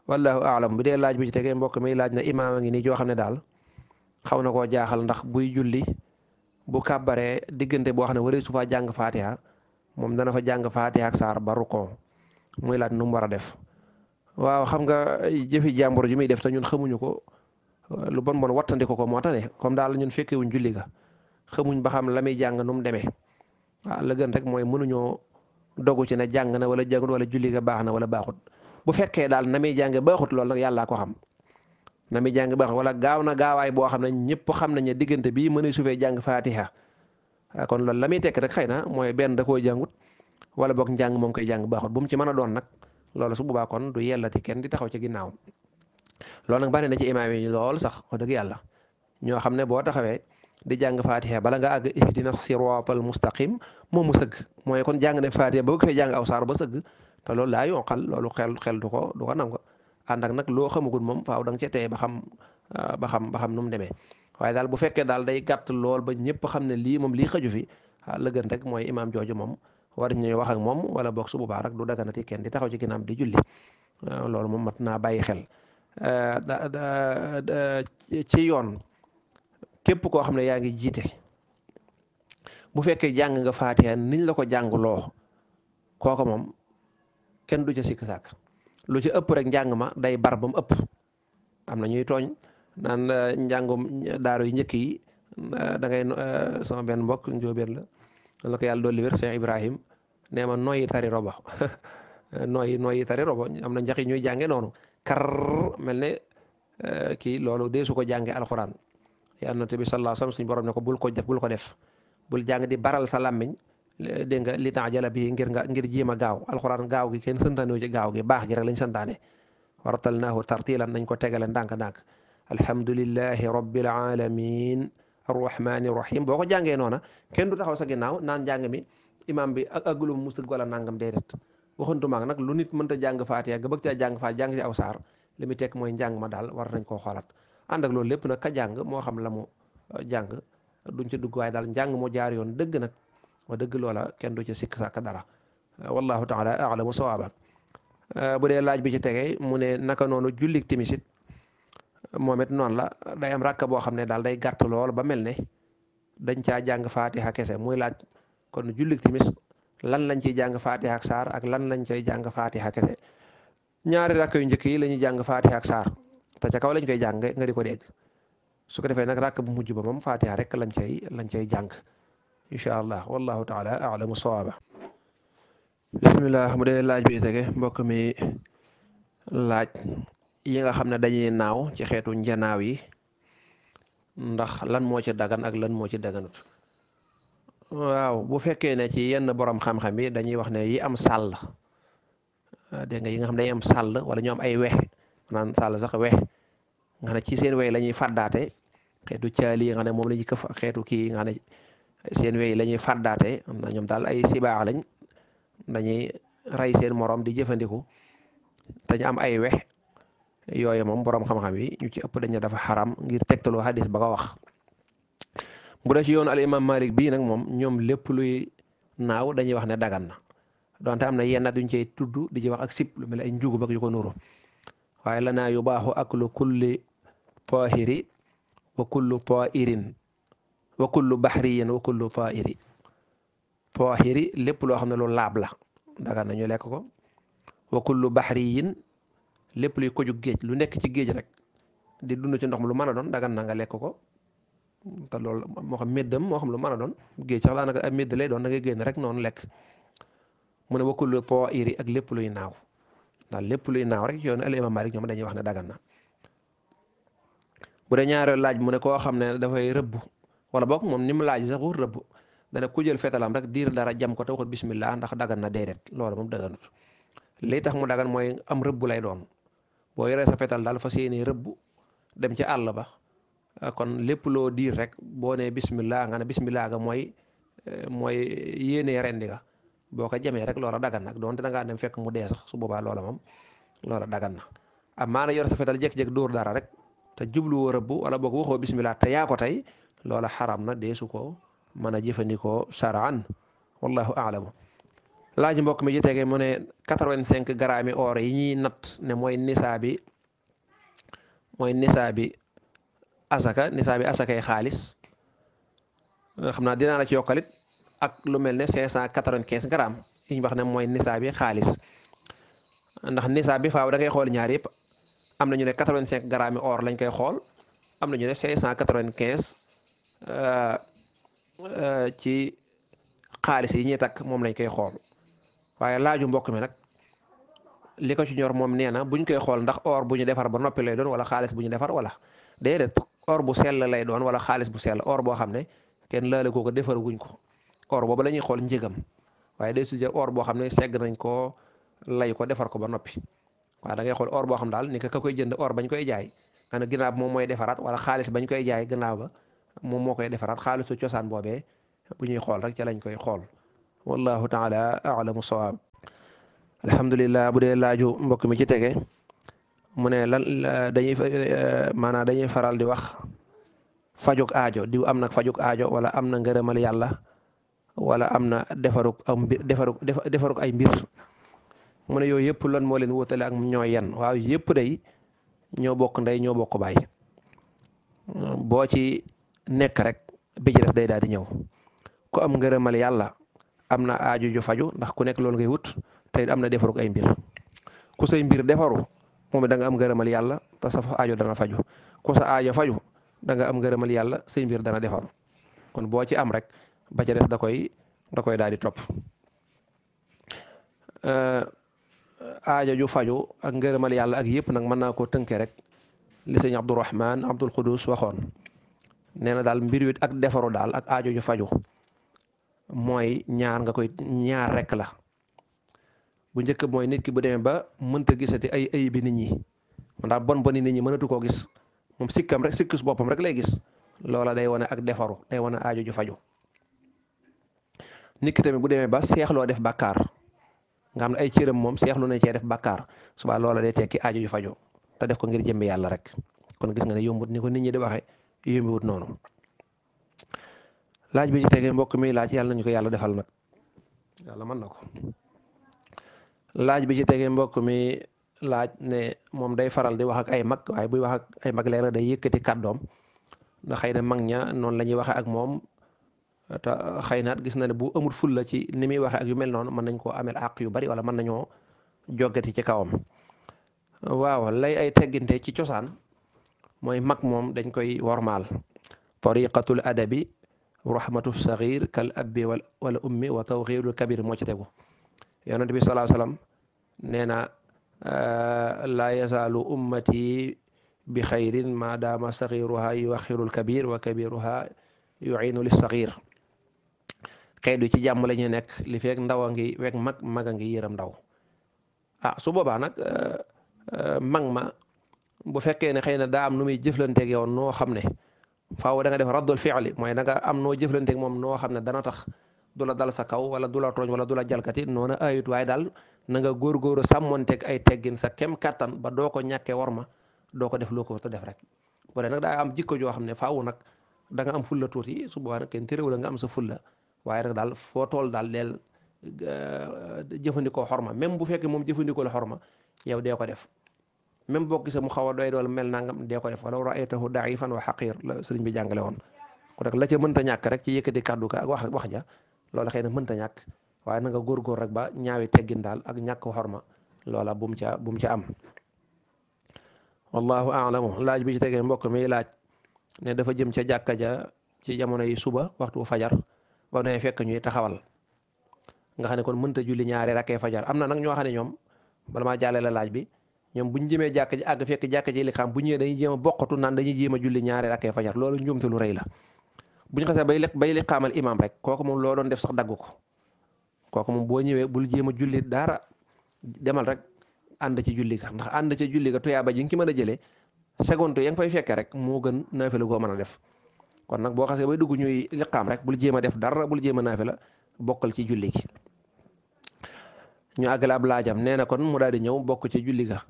wallahu aalam bu dee laaj bi ci tegee mbokk mi laaj na imaam a ngi nii joo xam ne daal xaw na koo jaaxal ndax buy julli bu kàbbaree diggante boo xam ne waree su faa jàng faatiha moom dana fa jàng faatiha ak saar ba rukon muy laaj nu mu war a def waaw xam nga jëfi jàmbur ji muy def te ñun xamuñu ko lu bon bon wattandiku ko moo tax ne comme daal ñun fekke wuñ julli ga xamuñ ba xam la muy jàng nu mu demee waaw ah, la gën rek mooy mënuñoo dogu ci ne jàng na wala jàngut wala julli baax na wala baaxut bu fekkee daal na muy jàng baaxut loolu nag yàllaa ko xam na jàng baaxut wala gaaw na gaawaay boo xam ne ñëpp xam nañ ne diggante bii mën a suufee jàng faatiha ah, kon loolu la muy tekk rek xëy na mooy benn da koo jàngut wala boog njàng moom koy jàng baaxut bu ci mën a doon nag loolu su boobaa kon du yellati kenn di taxaw ci ginnaawam loolu nag bari na ci imaam yi lool sax wax dëgg yàlla ñoo xam ne boo taxawee di jàng faatixe bala nga àgg ihdina siraatal mustaqim moom mu sëgg mooy kon jàng ne faatiha ba bëgg fee jàng aw saar ba sëgg te loolu laa yonqal loolu xel xel du ko du ko ànd ak nag loo xamagul moom faaw da nga ca tey ba xam ah, ba xam ba xam nu mu demee waaye daal bu fekkee daal day gàtt lool ba ñëpp xam ne lii moom lii xaju fi ah, la gën rek mooy imaam jooju moom war ñuy wax ak moom wala boog su boobaa rek du daganati kenn di taxaw ci ginnaam di julli ah, loolu moom mat naa bàyyi xel Euh, ci yoon képp koo xam ne yaa ngi jiite bu fekkee jàng nga faatiha niñ la ko jàngloo kooka moom kenn du ca sikk sàkk lu ci ëpp rek njàng ma day bar ba ëpp am na ñuy tooñ naan euh, njàngum daaru yu njëkk yi euh, da ngay sama benn mbokk njóobeen la la ko yàlla dolli wér Cheikh Ibrahim nee ma nooyi tari robo nooyi nooyi tari robo am na njax yi ñuy jànge noonu kar mel ne eh, kii loolu dee su ko jàngee alxuraan yonent bi sallallahu alayhi wasallam suñu borom ko bul ko def ko def bul jàng di baral sa làmmiñ dégg nga li taajala bi ngir nga ngir jéem a gaaw alxuraan gaaw gi kenn santaane ci gaaw gi baax gi rek lañ santaane wartalnaahu tartilan nañ ko tegale ndànk-ndànk alhamdulillahi rabbil alamin arrahmani rahim boo ko jàngee noona kenn du taxaw sa ginnaaw naan jàng mi imam bi ak agulum musig wala nangam déedéet maak nag lu nit mënta jàng faate nga bëgg caa jàng faat jàng ci aw saar li muy tekk mooy njàng ma daal war nañ koo xoolaat ànd loolu lépp nag ka jàng moo xam la mu euh, jàng duñ ca dugg waaye daal njàng mu jaar yoon dëgg nag wa dëgg loola kenn du ca sikk sàkk dara euh, wallahu taala alamu sawaaba euh, bu dee laaj bi ci tegee mu ne naka noonu jullik timisit moomit it noonu la day am rakk boo xam ne daal day gàtt lool ba mel ne dañ caa jàng faatiha kese muy laaj kon jullik timis lan lañ ciy jàng faatiha ak saar ak lan lañ cay jàng faatiha kese ñaari rakk yu njëkk yi la ñuy ak saar te ca kaw lañ koy jàng nga di ko dégg su ko defee nag rakk bu mujj ba moom faatiha rek lañ cay lañ cay jàng incha allah wallahu taala alamu sawaaba bisimilah mu dee laaj bi tege mbokk mi laaj yi nga xam ne dañuy naaw ci xeetu njanaaw yi ndax lan moo ci dagan ak lan moo ci daganut waaw bu fekkee ne ci yenn boroom xam-xam yi dañuy wax ne yi am sàll ah, dégg nga yi nga xam ne dañuy am sàll wala ñu am ay weex naan sàll sax wex nga ne ci seen wey lañuy ñuy fàddaate xeetu caali yi nga ne moom la ñuy këf xeetu kii nga seen wey la ñuy fàddaate na ñoom daal ay sibaax lañ dañuy rey seen moroom di jëfandiku dañu am ay weex yooyu moom borom xam-xam yi ñu ci ëpp dañu dafa xaram ngir tegtaloo hadis ba ko wax. bu dee ci yoon al imam malik bii nag moom ñoom lépp luy naaw dañuy wax ne dagan na donte am na yenn duñ cey tudd di ci wax ak sib lu mel ay njugub bak yu ko nuru waaye lanaa yubaaxu aklu kulli taahiri wa kullu taahirin wa kullu bahriyin wa kullu taahiri taahiri lépp loo xam ne lu laab la dagan ñu lekk ko wa kullu bahriyin lépp luy koju géej lu nekk ci géej rek di dund ci ndox mi lu mën doon dagan na nga lekk ko te loolu moo xam méddam moo xam lu man a doon géej sax daanaka ab lay doon da ngay génn rek noonu lekk mu ne wakkul po iri ak lépp luy naaw ndax lépp luy naaw rek yoonu al ñoom dañuy wax ne dagan na dee ñaareel laaj mu ne koo xam ne dafay rëbb wala boog moom ni mu laaj sax wut rëbb dana ku jël fetalam rek diir dara jam ko te waxut bismillah ndax dagan na déedéet loolu moom daganut li tax mu dagan mooy am rëbb lay doon boo yoree sa fetal daal fas yéenee rëbb dem ci àll ba Euh, kon lépp loo diir rek boo nee bismillah nga ne bismillah nga mooy euh, mooy yéenee rendi nga boo ko jamee rek loola dagan nag donte da ngaa dem fekk mu dee sax su boobaa loola moom loola dagan na am maana yor sa fetal jékki-jékki dóor dara rek te jubluwoo rëbb wala boo ko waxoo bismillah yaa ko tey loola xaram na deesu ko mën a jëfandikoo saraan wallahu aalamu laaj mbokk mi ji tege mu ne quatre cinq grammes or yi ñuy natt ne mooy nisaa bi mooy asaka nisaabi asakay xaalis euh, xam naa dinaa la ci yokkalit ak lu mel ne cinq cent quatre-vingt-quinze grammes yi ñu wax ne mooy nisaabi xaalis ndax nisaabi faaw da ngay xool ñaar yëpp am na ne quatre-vingt-cinq grammes or lañ koy xool am na ñu ne cinq cent quatre-vingt-quinze euh, euh, ci xaalis yi ñuy takk moom lañ koy xool waaye laaju mbokk mi nag li ko ci ñor moom nee na buñ koy xool ndax or bu ñu defar ba noppi doon wala xaalis bu ñu defar wala déedéet or bu seel la lay doon wala xaalis bu la or boo xam ne ken laale ko ko defaraguñ ko oor booba la ñuy xool njegam waaye day sujjee boo xam ne segg nañ ko lay ko defar ko ba noppi waaw da ngay xool or boo xam daal ni ka koy jënd or bañ koy jaay ana ginnaaw bi moom mooy defaraat wala xaalis bañ koy jaay ginnaaw ba moom moo koy defaraat xaalisu cosaan boobee bu ñuy xool rek ca lañ koy xool wallahu taala alamu sawaab alhamdulilah bu dee laaju mbokk mi ci tege mu ne lan dañuy eh, maanaam dañuy faral di wax fajuk aajo diw am na fajuk aajo wala am na ngërëmal yàlla wala am na defaruk am defaruk ay mbir mu ne yooyu yëpp lan moo leen wutale ak ñooy yan waaw yëpp day ñoo bokk ndey ñoo bokk baay boo ci nekk rek bi ci des day daal di ñëw ku am ngërëmal yàlla am na aaju ju faju ndax ku nekk loolu ngay wut te am na defaruk ay mbir ku say mbir defaru moom it da nga am ngërëmal yàlla te sa aajo dana faju ku sa aajo faju da nga am ngërëmal yàlla say mbir dana defar kon boo ci am rek ba ca des da koy daal di topp ju faju ak ngërëmal yàlla ak yëpp nag mën naa koo tënkee rek li sëñ Abdourahman Abdul Xudus waxoon nee na daal mbir wit ak defaru daal ak aajo ju faju mooy ñaar nga koy ñaar rek la bu njëkk mooy nit ki bu demee ba mënta gisati ay ayibi nit ñi ndax bon boni nit ñi mënatu koo gis moom sikkam rek sikkus boppam rek lay gis loola day wane ak defaru day wane aajo ju faju nit ki tamit bu demee ba seexloo def bàkkaar nga xam ne ay cëram moom seexlu nañ cee def bàkkaar suba loola day tekki aajo ju faju te def ko ngir jëmbi yàlla rek kon gis nga ne yombut ni ko nit ñi de waxee yombiwut noonu laaj bi ci tegee mbokk mi laaj yàlla nañu ko yàlla defal nag yàlla mën na ko laaj bi ci tege mbokk mi laaj ne moom day faral di wax ak ay mag waaye buy waxak ak ay mag leer na day yëkkati kàddoom ndax xëy na mag ña noonu la ñuy waxee ak moom te xëy na gis na ne bu amul ful la ci ni muy waxee ak yu mel noonu mën nañ koo amel ak yu bari wala mën nañoo joggati ci kawam waaw lay ay tegginte ci cosaan mooy mag moom dañ koy wormaal tariqatul adabi rahmatu saghir kal abbi wal ummi wa tawxirul kabir moo ci tegu yonent bi salaa salaam nee na laa yazaalu ummati bi xayrin maadaama saxiruha yuwaxirul kabir wa kabiruha yuinu li saxir xeet wi ci jàmm la ñuy nekk li feek ndaw a ngi weeg mag mag a ngi yëram ndaw ah su boobaa nag mag ma bu fekkee ne xëy na daa am nu muy jëflanteeg yow noo xam ne faaw da nga def raddul fi'li mooy da am noo jëflanteeg moom noo xam ne dana tax doola la sa kaw wala du tooñ wala du la jalkati noona ayut waaye daal nanga nga góorgóoru sàmmonteeg ay teggin sa kem kattan ba doo ko ñàkkee war ma doo ko def loo ko ta def rek bu dee nag daa am jikko joo xam ne faaw nag danga nga am fulla tuuti su boobaa nag kenn la nga am sa fulla waaye rek daal foo tool daal deel euh, jëfandikoo xorma même bu fekke moom jëfandikoo la xorma yow dee ko def même boo gisee mu xaw a doy dool mel nangam dee ko def wala ra'aytahu da'ifan wa xaqir la sëriñ bi jàngale woon kon nag la ca ñàkk rek ci yëkkati kàddu ka ak wax wax ja loolu xëy na mënta ñàkk waaye na góor góorgóor rek ba ñaawi teggin daal ak ñàkk ma loola bu mu ca bu mu ca am wallahu aalamu laaj bi ci tegee mbokk mi laaj ne dafa jëm ca jàkka ja ci jamono yi suba waxtu fajar ba nee fekk ñuy taxawal nga xam ne kon mënta julli ñaari rakkee fajar am na nag ñoo xam ne ñoom bala maa jàllale laaj bi ñoom bu ñu jëmee jàkk ji àgg fekk jàkk ji li xam bu ñëwee dañuy jéem a bokkatu naan dañuy jéem julli ñaari rakkee fajar loolu njuumte lu rëy la bu ñu xasee bay li bay li xaamal imaam rek kooku moom loo doon def sax dagg ko kooku moom boo ñëwee bul jéem a julli dara demal rek ànd ci julli ndax ànd ci julli ga ji nga ci mën a jëlee seconde ya nga fay fekkee rek moo gën naafila goo mën a def kon nag boo xasee bay dugg ñuy liqaam rek bul jéem a def dara bul jéem a naafila bokkal ci julli ñu àggale ab laajam nee na kon mu daal di ñëw bokk ci julli ga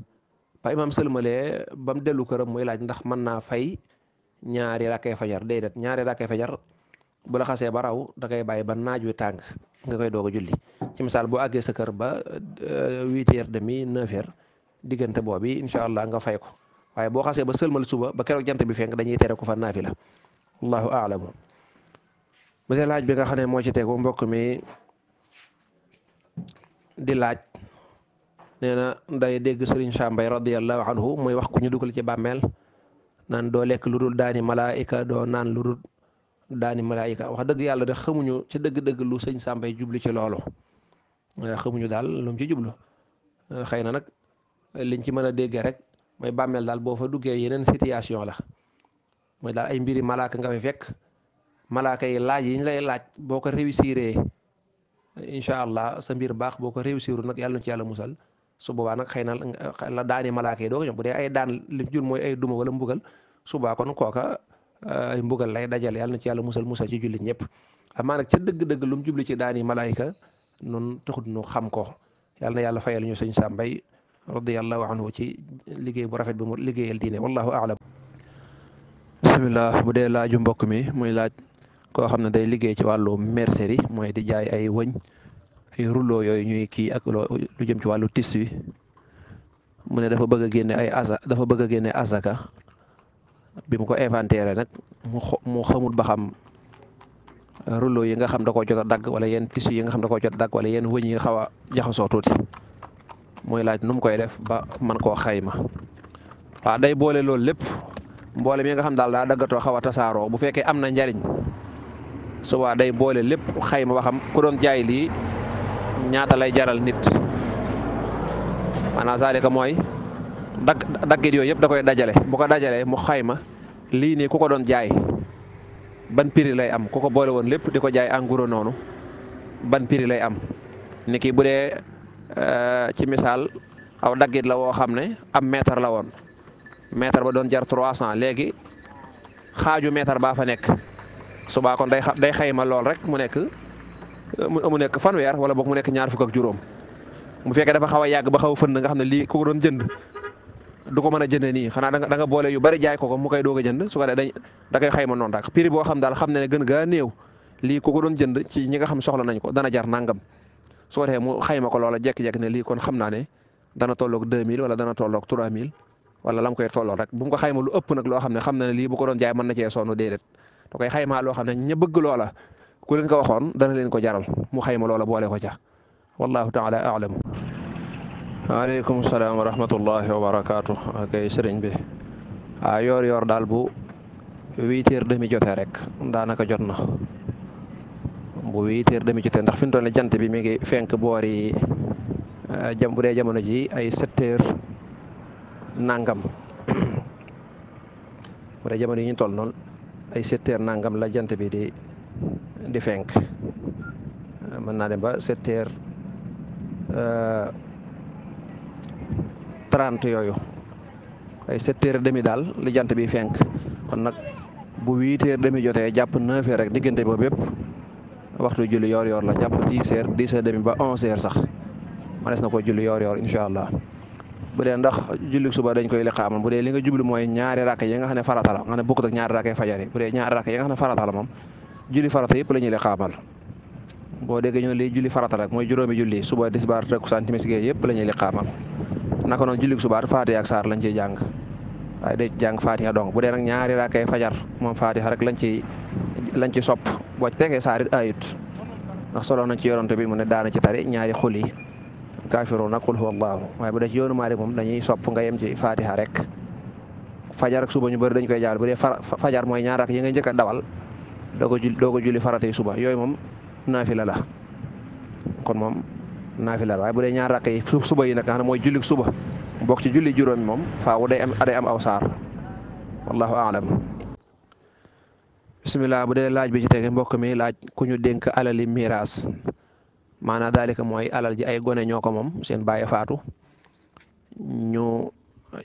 ba imaam sëlmalee ba mu dellu këram muy laaj ndax mën naa fay. ñaari rakkay fajar déedéet ñaari rakkay fajar bu la xasee ba raw da ngay bàyyi ba naaj wi tàng nga koy doog a julli ci misaal boo àggee sa kër ba euh, huit heures demi neuf heures diggante boobu incha allah nga fay ko waaye boo xasee ba sëlmal suba ba keroog jant bi fenk dañuy tere ko fa naafila allahu aalamu bu dee laaj bi nga xam ne moo ci tegu mbokk mi di laaj nee na day dégg Sëriñ Sàmbay radiyallahu anhu muy wax ku ñu dugal ci bàmmeel naan doo lekk lu dul daani malaayika doo naan lu dul daani malaayika wax dëgg yàlla de xamuñu ci dëgg-dëgg lu sëñ sàmbay jublu ci loolu eh, xamuñu daal lu ci jublu eh, xëy na nag liñ ci mën a déggee rek mooy bàmmeel daal boo fa duggee yeneen situation la mooy daal ay mbiri malaaka nga fay fekk malaaka yi laaj yi lay laaj boo ko réussiree incha allah sa mbir baax boo ko réussir nag yàlla na ci yàlla musal su boobaa nag xëy na la daani malaaka yi doo ko ñëw bu dee ay daan lim jur mooy ay duma wala mbugal subaa kon kooka euh, ay mbugal lay dajal yàlla ci yàlla musal musal ci jullit ñëpp amaa dëgg-dëgg lu mu jubli ci daani malaayika nun taxut nu xam ko yàlla na yàlla fayal ñu sëñ sàmbay radiallahu anhu ci liggéey bu rafet bi mu liggéeyal diine wallahu aalam bisimilah bu dee laaju mbokk mi muy laaj koo xam ne day liggéey ci wàllu mercerie mooy di jaay ay wëñ rouleau yooyu ñuy kii ak lu jëm ci wàllu tissu yi mu ne dafa bëgg a génne ay asa dafa bëgg génne asaka bi mu ko inventaire nag mu xamut ba xam euh, rouleau yi nga xam da koo jot a dagg wala yenn tissu yi nga xam da koo jot a dagg wala yenn wëñ yi xaw a jaxasoo tuuti muy laaj nu mu koy def ba man koo xayma waa day boole loolu lépp mboole mi nga xam daal daa daggatoo xaw a tasaaroo bu fekkee am na njariñ su waa day boole lépp xayma ba ku doon jaay ñaata lay jaral nit maanaam ko mooy dagg daggit yooyu yëpp da koy dajale bu ko dajalee mu xayma lii nii ku ko doon jaay ban piri lay am ku ko boole woon lépp di ko jaay en noonu ban prix lay am ni ki bu dee euh, ci misaal aw daggit la woo xam ne am mètre la woon mètre ba doon jar trois cent léegi xaaju mètre baa fa nekk subaa kon day xayma lool rek nekk mu nekk fanweer wala boog mu nekk ñaar fukk juróom mu fekkee dafa xaw a ba xaw a fënd nga xam ne lii ku ko doon jënd du a jëndee nii da nga boole yu bari jaay ko ko mu koy doog a jënd su ko defee dañ da koy xayma noonu rek prix boo xam daal xam ne ne gën gaa néew lii ku ko doon jënd ci ñi nga xam soxla nañ ko dana jar nangam su ko xayma ko loola jekki-jekki ne lii kon xam naa ne dana tolloog 2000 wala dana tolloog 3000 wala lam koy tollool rek bu mu ko xayma lu ëpp nag loo xam ne xam na ne lii bu ko doon jaay mën na cee sonn déedéet da loo xam ne ña bëgg loola ku leen ko waxoon dana leen ko jaral mu xayma loola boole ko ca wallahu taala aalamu waaleykum salaam wa wa barakaatu akay sëriñ bi a yoor yoor daal bu huit heures demi jotee rek daanaka jot na bu huit heures demi jotee ndax fi mu toll jant bi mi ngi fenk boori eh, jam bu dee jamono ji ay sept nangam bu dee jamono yi ñu toll noonu ay sept nangam la jant bi di di fenk euh, mën naa dem ba sept heures euh, trente yooyu ay sept demi daal li jant bi fenk kon nag bu huit heures demi jotee jàpp neuf heures rek diggante boobu yëpp waxtu julli yoor yoor la jàpp dix heures demi ba onze heures sax manees na ko julli yoor yoor incha allah bu dee ndax julli suba dañ koy liqaamal bu dee li nga jublu mooy ñaari yi nga xam ne farata la nga xam ne bokkut ak ñaari rakk yi fajar yi bu dee ñaari yi nga xam ne moom julli farata yëpp la ñuy liqaamal boo déggee ñu ne lii julli farata mooy juróomi julli suba tisbaar takkusaan timis gee yëpp la ñuy liqaamal naka noonu julli subaar faatiha ak saar lañ ciy jàng waaye day jàng faatiha dong bu dee nag ñaari rakkay fajar moom faatiha rek lañ ciy lañ ci sopp boo ci tegee saar it ayut ndax solo nañ ci yoronto bi mu ne daana ci tari ñaari xul yi kaafiruun ak xul huwallaahu waaye bu dee ci yoonu Maalik moom dañuy sopp nga yem ci faatiha rek fajar ak suba ñu bëri dañ koy jaawal bu dee fajar mooy ñaar ak yi nga njëkk a dawal doo ko julli doo ko julli farata yi suba yooyu moom naafila la kon moom naafila la waaye bu dee ñaar rakk yi suba yi nag nga xam mooy julli suba bokk ci julli juróomi moom faawu day am day am aw saar wallahu aalam bisimilah bu dee laaj bi ci tege mbokk mi laaj ku ñu dénk alali miraas maanaam daalika mooy alal ji ay gone ñoo ko moom seen bàyyi faatu ñu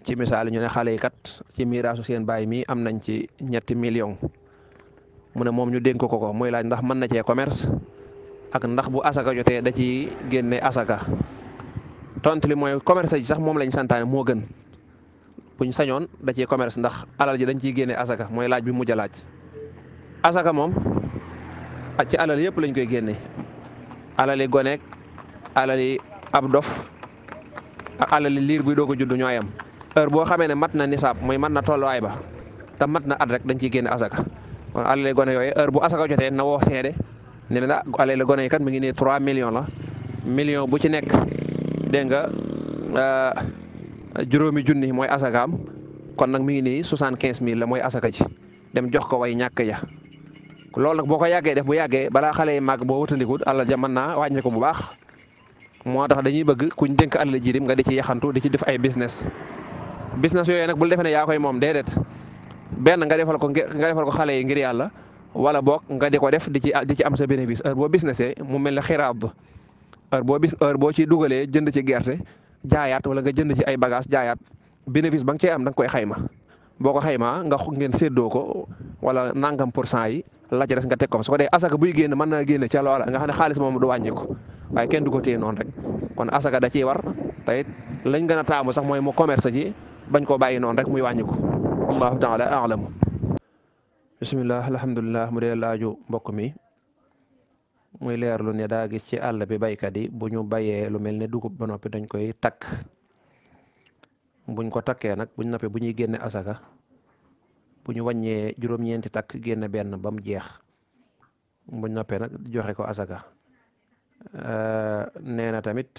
ci misaal ñu ne xale kat ci miraasu seen baay mi am nañ ci ñetti million mu ne moom ñu dénk ko ko muy laaj ndax mën na cee commerce ak ndax bu asaka jotee da ci génne asaka tont li mooy commerce ji sax moom lañ santaane moo gën buñ sañoon da ciy commerce ndax alal ji dañ ciy génne asaka mooy laaj bi mujj a laaj moom ci alal yëpp lañ koy génne alali goneek alali ab dof ak alali liir buy doog a judd ñooyam heure boo xamee ne mat na nisaab mooy mat na tolluwaay ba te mat na at rek dañ ciy génne asaka kon alal gone yooyu heure bu asaka jotee na woo seede ne leen ah alal gone yi kat mi ngi nii 3 millions la million bu ci nekk dégg nga euh, juróomi junni mooy asakaam kon nag mi ngi nii 75000 la mooy asaka ji dem jox ko way ñàkk ja loolu nag boo ko yàggee def bu yàggee balaa xale yi màgg boo wëtandikut alal ja mën naa wàññi ko bu baax moo tax dañuy bëgg kuñ dénk alal jirim nga di ci yaxantu di ci def ay business business yooyu nag bul defee ne moom déedéet. benn nga defal ko nga defal ko xale yi ngir yàlla wala boog nga di ko def di ci di ci am sa bénéfice heure boo businessé mu mel ne xiraab heure boo bis heure boo ci dugalee jënd ci gerte jaayaat wala nga jënd ci ay bagage jaayaat bénéfice ba nga cey am da koy xayma boo ko xaymaa nga ngeen séddoo ko wala nangam pour cent yi la ca des nga teg ko su ko dee asaka buy génn mën na génn ca loola nga xam ne xaalis moom du wàññi ko waaye kenn du ko téye noonu rek kon asaka da ciy war te it lañ gën a taamu sax mooy mu commerce ci bañ koo bàyyi noonu rek muy wàññi allahu taala aalamu bisimilah alhamdulilah mu de laaju mbokk mi muy leerlu ne daa gis ci àll bi baykat yi bu ñu bayee lu mel ne dugub ba noppi dañ koy takk buñ ko takkee nag buñ noppee bu ñuy génne asaka bu ñu wàññee juróom-ñeenti takk génne benn ba mu jeex buñ noppee nag joxe ko asaka nee na tamit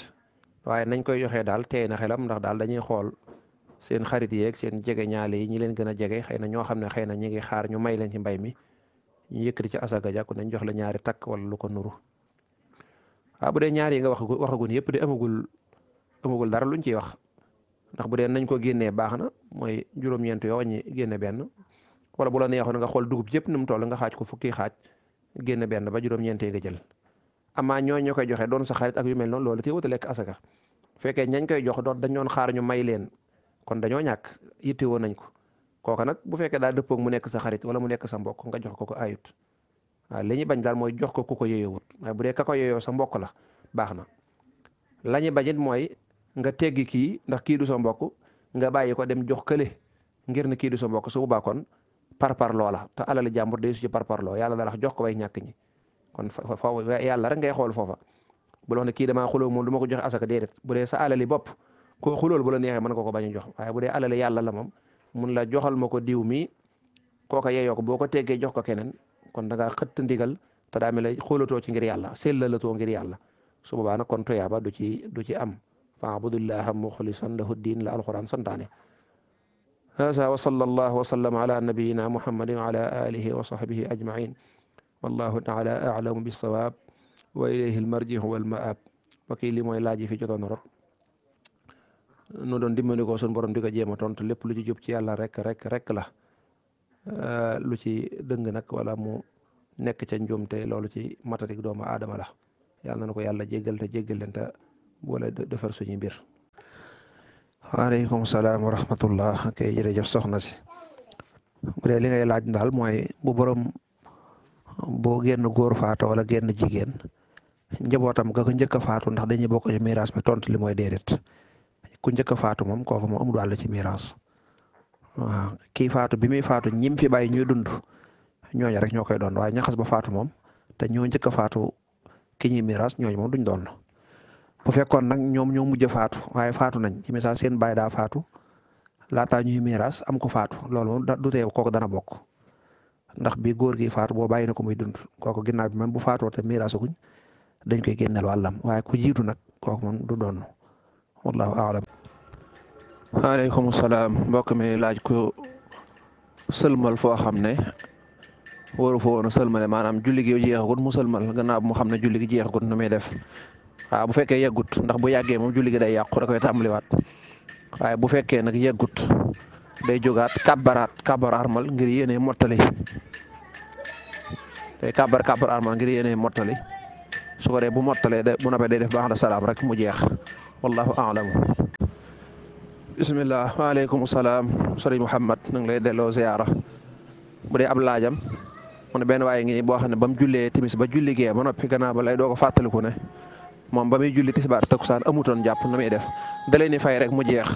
waaye nañ koy joxe daal tey na xelam ndax daal dañuy xool seen xarit yeeg seen jege ñaale yi ñi leen gën a jege xëy na ñoo xam ne xëy na ñi ngi xaar may leen ci mbay mi ñu yëkkati ci asaka jàkku nañ jox la ñaari takk wala lu ko nuru ah bu dee ñaar yi nga wax waxagun yëpp de amagul amagul dara luñ ciy wax ndax bu dee nañ ko génnee baax na mooy juróom-ñeent yoo wàññi génne benn wala bu la neexoon nga xool dugub yëpp ni mu toll nga xaaj ko fukki xaaj génne benn ba juróom-ñeentee nga jël amaa ñoo ñu koy joxe doon sa xarit ak yu mel noonu loolu te wuta lekk asaka fekkee koy jox doon dañ xaar ñu may leen kon dañoo ñàkk yittewoo nañ ko kooka nag bu fekkee daa dëppoog mu nekk sa xarit wala mu nekk sa mbokk nga jox ko ko ayut waaw li ñuy bañ daal mooy jox ko ku ko yeyowut waaye bu dee ka ko yeyoo sa mbokk la baax na la ñuy bañit mooy nga teggi kii ndax kii du sa mbokk nga bàyyi ko dem jox kële ngir ne kii du sa mbokk su boobaa kon par loo la te alali jàmbur day su ci parpar loo yàlla dalax jox ko way ñàkk ñi kon fa yàlla rek ngay xool foofa bu loo ne kii damaa xuloo moom du ma ko joxe asaka déedéet bu dee sa alali bopp kooku loolu bu la neexee mën nga ko bañ a jox waaye bu dee alal yàlla la moom mun la joxal ma ko diw mi kooka yeyoo ko boo ko teggee jox ko keneen kon da ngaa xëtt ndigal te daa mel ne xoolatoo ci ngir yàlla sellalatoo ngir yàlla su ba nag kon toyaaba du ci du ci am faabudullaha muxlisan lahu diin la alquran santaane hasa wa sallallahu wa sallam ala nabiyina muhammadin wa ala alihi wa sahbihi ajmain wallahu taala alamu bisawaab wa ilayhi almarji wal maab wakii li mooy laaji fi jotoon nu doon dimbali ko suñu borom di ko jéem a tontu lépp lu ci jub ci yàlla rek rek rek la euh, lu ci dëng nag wala mu nekk ca njuumte loolu ci matatik doomu aadama la yàlla na ko yàlla jéggal te jéggal leen boole defar suñu mbir. waaleykum salaam wa rahmatullah kay jërëjëf soxna si bu dee li ngay laaj daal mooy bu boroom boo génn góor faatu wala génn jigéen njabootam ga ko njëkk a faatu ndax dañuy bokk ci miraas mi tontu li mooy déedéet. ku njëkk a faatu moom kooku moom amul wàll ci miraas waaw kii faatu bi muy faatu ñim fi bàyyi ñuy dund ñooñu rek ñoo koy doon waaye ñaxas ba faatu moom te ñoo njëkk a faatu ki ñuy miraas ñooñu moom duñ doon bu fekkoon nag ñoom ñoo mujj a faatu waaye faatu nañ ci misaal seen bàyyi daa faatu laataa ñuy miraas am ko faatu loolu moom du tee kooku bokk ndax bi góor gi faatu boo bàyyi na ko muy dund kook ginnaaw bi même bu faatoo te miraasaguñ dañ koy génneel wàllam waaye ku jiitu nag kooku moom du doon. wallahu aalam waaleykum salaam mbokk mi laaj ko sëlmal foo xam ne waru fa woon sëlmale maanaam julli gi jeexagut mu sëlmal gannaaw mu xam ne julli gi jeexagut nu muy def bu fekkee yeggut ndax bu yàggee moom julli gi yàqu da koy tàmbaliwaat waaye bu fekkee nag yeggut day jógaat kàbbaraat kàbbar armal ngir yéene mottali day kàbbar su ko dee bu mottalee bu noppee day def baax na salaam rek mu jeex wallahu a'lam bismillah waaleykum salaam sëriñ Muhammad na ngi lay delloo ziyaara bu dee ab laajam mu ne benn waaye ngi nii boo xam ne ba mu jullee timis ba julli gee ba noppi gannaaw ba lay doo ko fàttaliku ne moom ba muy julli tisbaar takusaan amutoon jàpp na muy def da leen di fay rek mu jeex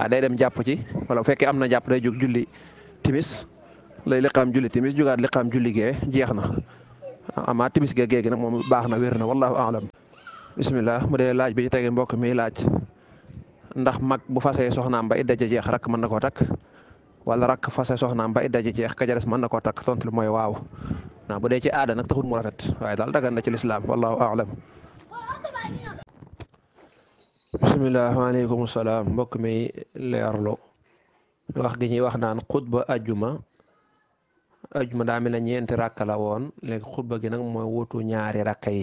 waaw day dem jàpp ci wala bu fekkee am na jàpp day jóg julli timis lay liqaam julli timis jugaat liqaam julli jeex na amaa timis gee géegi moom baax na wér na wallahu a'lam bisimilah mu dee laaj bi ci tege mbokk mi laaj ndax mag bu fasee soxnaam mba idda ji jeex rakk mën na koo takk wala rakk fase soxna ba idda ji jeex ka ca mën na koo takk tontu li mooy waaw naa bu dee ci aada nag taxul mu rafet waaye daal dagan na ci lislaam wallahu aalam bisimilah waaleykum salaam mbokk mi leerlu wax gi ñuy wax naan xutba ajjuma ajjuma daa mel ne ñeenti rakk la woon léegi xutba gi nag mooy wuutu ñaari rakk yi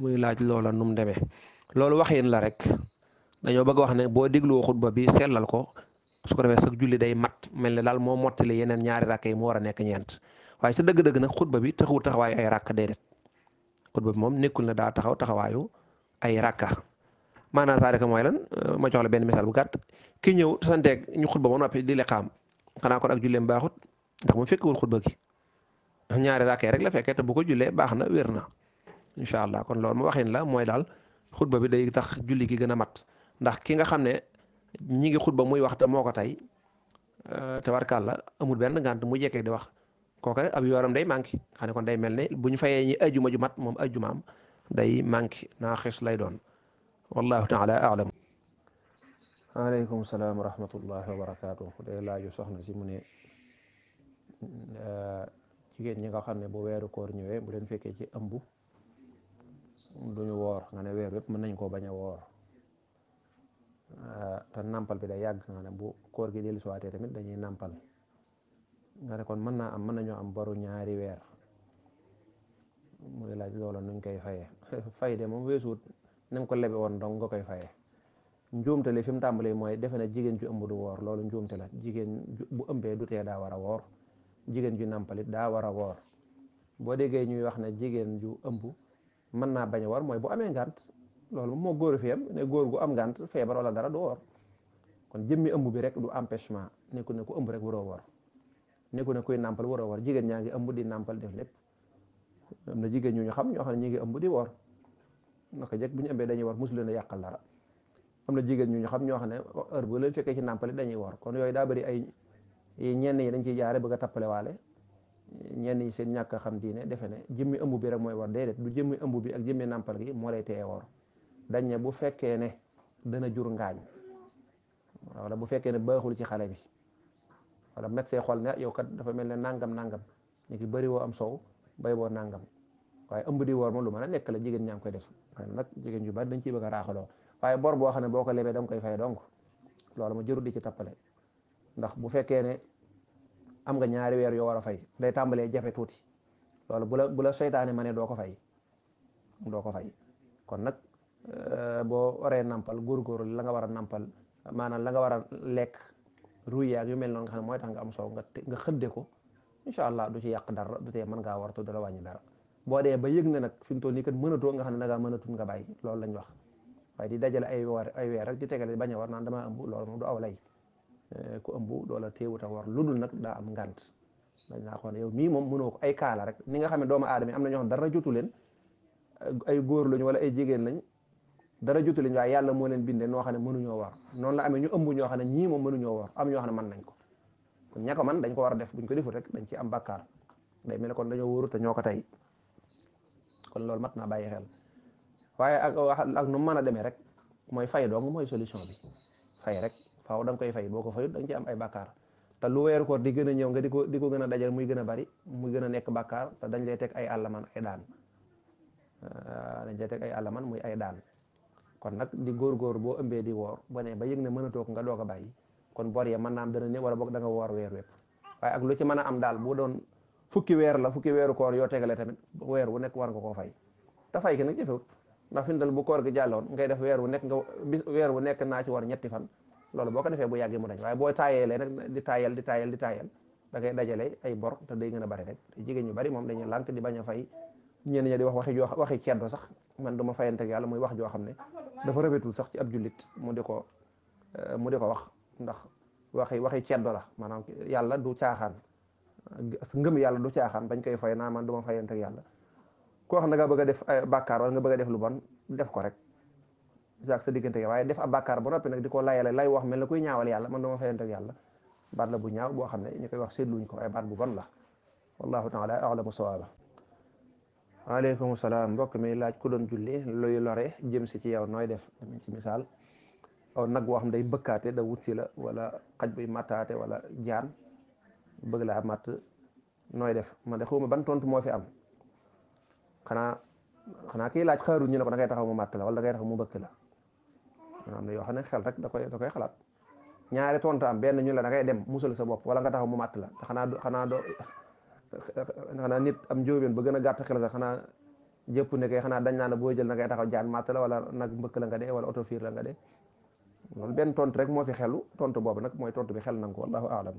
muy laaj loola nu mu demee loolu waxin la rek dañoo bëgg wax ne boo dégluwoo xutba bi sellal ko su ko defee sag julli day mat mel ne daal moo mottali yeneen ñaari rakk yi mu war a nekk ñeent waaye sa dëgg-dëgg nag xutba bi taxawul taxawaayu ay rakk déedéet xutba bi moom nekkul na daa taxaw taxawaayu ay rakka maanaam saa rek mooy lan euh, ma jox la benn misaal bu gàtt ki ñëw santeeg ñu xutba ba noppi di leqaam xanaa kon ak julleem baaxut ndax mu fekkewul xutba gi ñaari rakkee rek la fekkee te bu ko jullee baax na wér na incha allah kon loolu mu waxin la mooy daal xutba bi day tax julli gi gën a mat ndax ki nga xam ne ñi ngi xutba muy wax te moo ko tey euh, tabarkàlla amul benn ngànt mu jekkee di wax kooka ab yooram day manqué xam ne day mel ne bu ñu fayee ñi ajuma ju mat moom ajumaam day manqué naa xis lay doon wallahu taala alam aleykum salaam wa rahmatullahi wa barakaatu laaju soxna si mu ne euh, jigéen ñi nga xam ne boo weeru koor ñëwee bu leen fekkee ci ëmb ñu woor nga ne weer yëpp mën nañ koo bañ a woor euh, te nàmpal bi day yàgg nga ne bu koor gi dellu siwaatee tamit dañuy nàmpal nga ne kon mën naa am mën nañoo am baru ñaari weer muy laaj loola nuñ koy fayee fay de moom weesuut nañ ko lebe woon dong nga koy faye njuumte li fi mu tàmbalee mooy defe na jigéen ju ëmb du woor loolu njuumte la jigéen bu ëmbee du tee daa war a woor jigéen ju nàmpalit daa war a woor boo déggee ñuy wax na jigéen ju ëmb mën naa bañ a war mooy bu amee ngànt loolu moo góor fi yam ne góor am ngànt feebar wala dara du woor kon jëmmi ëmb bi rek du empêchement nekku ne ku ëmb rek waroo woor nekku ne kuy nàmpal waroo woor jigéen ñaa ngi ëmb di nàmpal def lépp am na jigéen ñu ñu xam ñoo xam ne ñu ngi ëmb di woor naka jëkk bu ñu ëmbee dañuy woor mosu leen a yàqal dara am na jigéen ñu ñu xam ñoo xam ne heure bu fekkee ci nàmpali dañuy woor kon yooyu daa bëri ay ñenn yi dañ ciy jaare bëgg ga tappale waale ñenn ñi seen ñàkk a xam diine defe ne jëmmi ëmb bi rek mooy war déedéet du jëmmi ëmb bi ak jëmmi nàmpal gi moo lay teye woor dañ ne bu fekkee ne dana jur ngaañ wala bu fekkee ne baaxul ci xale bi wala médecin xool ne ah yow kat dafa mel ne nangam nangam ñu ki bëri woo am soow bay boo nangam waaye ëmb di woor moom lu nekk la jigéen ñaa ngi koy def nag jigéen ju bari dañ ciy bëgg a raaxaloo waaye bor boo xam ne boo ko lebee da nga koy fay donc loolu ma jëru di ci tappale ndax bu fekkee ne am nga ñaari weer yoo war a fay day tàmbalee jafe tuuti loolu bu la bu seytaane ma ne doo ko fay doo ko fay kon nag euh, boo waree nampal góorgóorlu la nga war a nampal maanaam la nga war a lekk ruyaag yu mel noonu nga xam mooy tax nga am soow nga nga xëdde ko incha allah du ci yàq dara du tee mën ngaa wartu du la wàññi dara boo dee ba yëg na nag fi mu toll nii kat mënatoo nga xam ne dangaa mënatul nga bàyyi loolu lañ wax waaye di dajale ay weer ay weer rek di la bañ a war naan damaa ëmb loolu moom Eh, ku ëmb loola téewut a war lu dul nag daa am ngànt dañ naa xool yow mii moom mënoo ko ay kaala rek ni nga xam ne doomu aadama am na ñoo dara jotu leen ay góor lañu wala ay jigéen lañ dara jotu leen waaye yàlla moo leen bindee noo xam ne mënuñoo war noonu la amee ñu ëmb ñoo xam ne ñii moom mënuñoo war am ñoo ne mën nañ ko kon ña man dañ ko war a def buñ ko defut rek dañ ci am bàkkaar day mel ne kon dañoo wóoru te ko tey kon loolu mat naa bàyyi xel waaye ak ak mën a demee rek mooy fay doom mooy solution bi fay rek faaw da nga koy fay boo ko fayut da ci am ay bàkkaar te lu weeru koor di gën a ñëw nga di ko di ko gën a dajal muy gën a bari muy gën a nekk bàkkaar te dañ lay teg ay àllaman man daan ah, dañ lay teg ay àllaman muy ay daan kon nag di góorgóor boo ëmbee di woor ba ne ba yëg ne mën toog nga doog a bàyyi kon boor yee mën naa am dana ne wala boog danga nga woor weer wépp waaye ak lu ci mën am daal bu doon fukki weer la fukki weeru koor yoo tegale tamit weer wu nekk war nga koo fay te fay ki bu koor gi jàlloon ngay def weer wu nekk nga bis weer wu nekk naa ci war ñetti fan loolu boo ko defee bu yàggee mu dañ waaye boo taayelee leen di taayal di taayal di taayal dangay dajale ay bor te day gën a bari rek te jigéen ñu bari moom dañuy lànk di bañ a fay ñenn ñi di wax waxi joo waxi ceddo sax man du ma yàlla muy wax joo xam ne dafa rëbetul sax ci ab jullit mu di ko euh, mu di ko wax ndax waxi waxi ceddo la maanaam yàlla du caaxaan ngëm yàlla du caaxaan bañ koy fay naa man du ma fayante yàlla koo xam nga bëgg a def euh, bàkkaar wala nga bëgg a def lu bon def ko rek ak sa diggante waaye def a bàkkaar ba noppi nag di ko layale lay wax mel na kuy ñaawal yàlla man dama fayante ak yàlla baat la bu ñaaw boo xam ne ñu koy wax seetluñ ko waaye baat bu bon la wallahu taala alamu sawaaba waaleykum salaam mbokk mi laaj ku doon julli luy lore jëm si ci yow nooy def ci misaal aw nag boo xam day bëkkaate da wut si la wala xaj buy wala jaan bëgg laa matt nooy def man de xawma ban tontu moo fi am xanaa xanaa kii laaj xaaruñ ñu ne ko da ngay taxaw mu matt la wala da ngay taxaw mu bëkk la am na yoo xam ne xel rek da koy da koy xalaat ñaari tontaam benn ñu la dangay dem musal sa bopp wala nga taxaw mu maat la te xanaa xanaa do xanaa nit am njóobeen ba gën a gàtt xel sax xanaa jëpp ne kay xanaa dañ naa ne boo jël na ngay taxaw jaan màtt la wala nag mbëkk la nga dee wala oto fiir la nga de loolu benn tontu rek moo fi xelu tontu boobu nag mooy tontu bi xel nangu wallahu aalam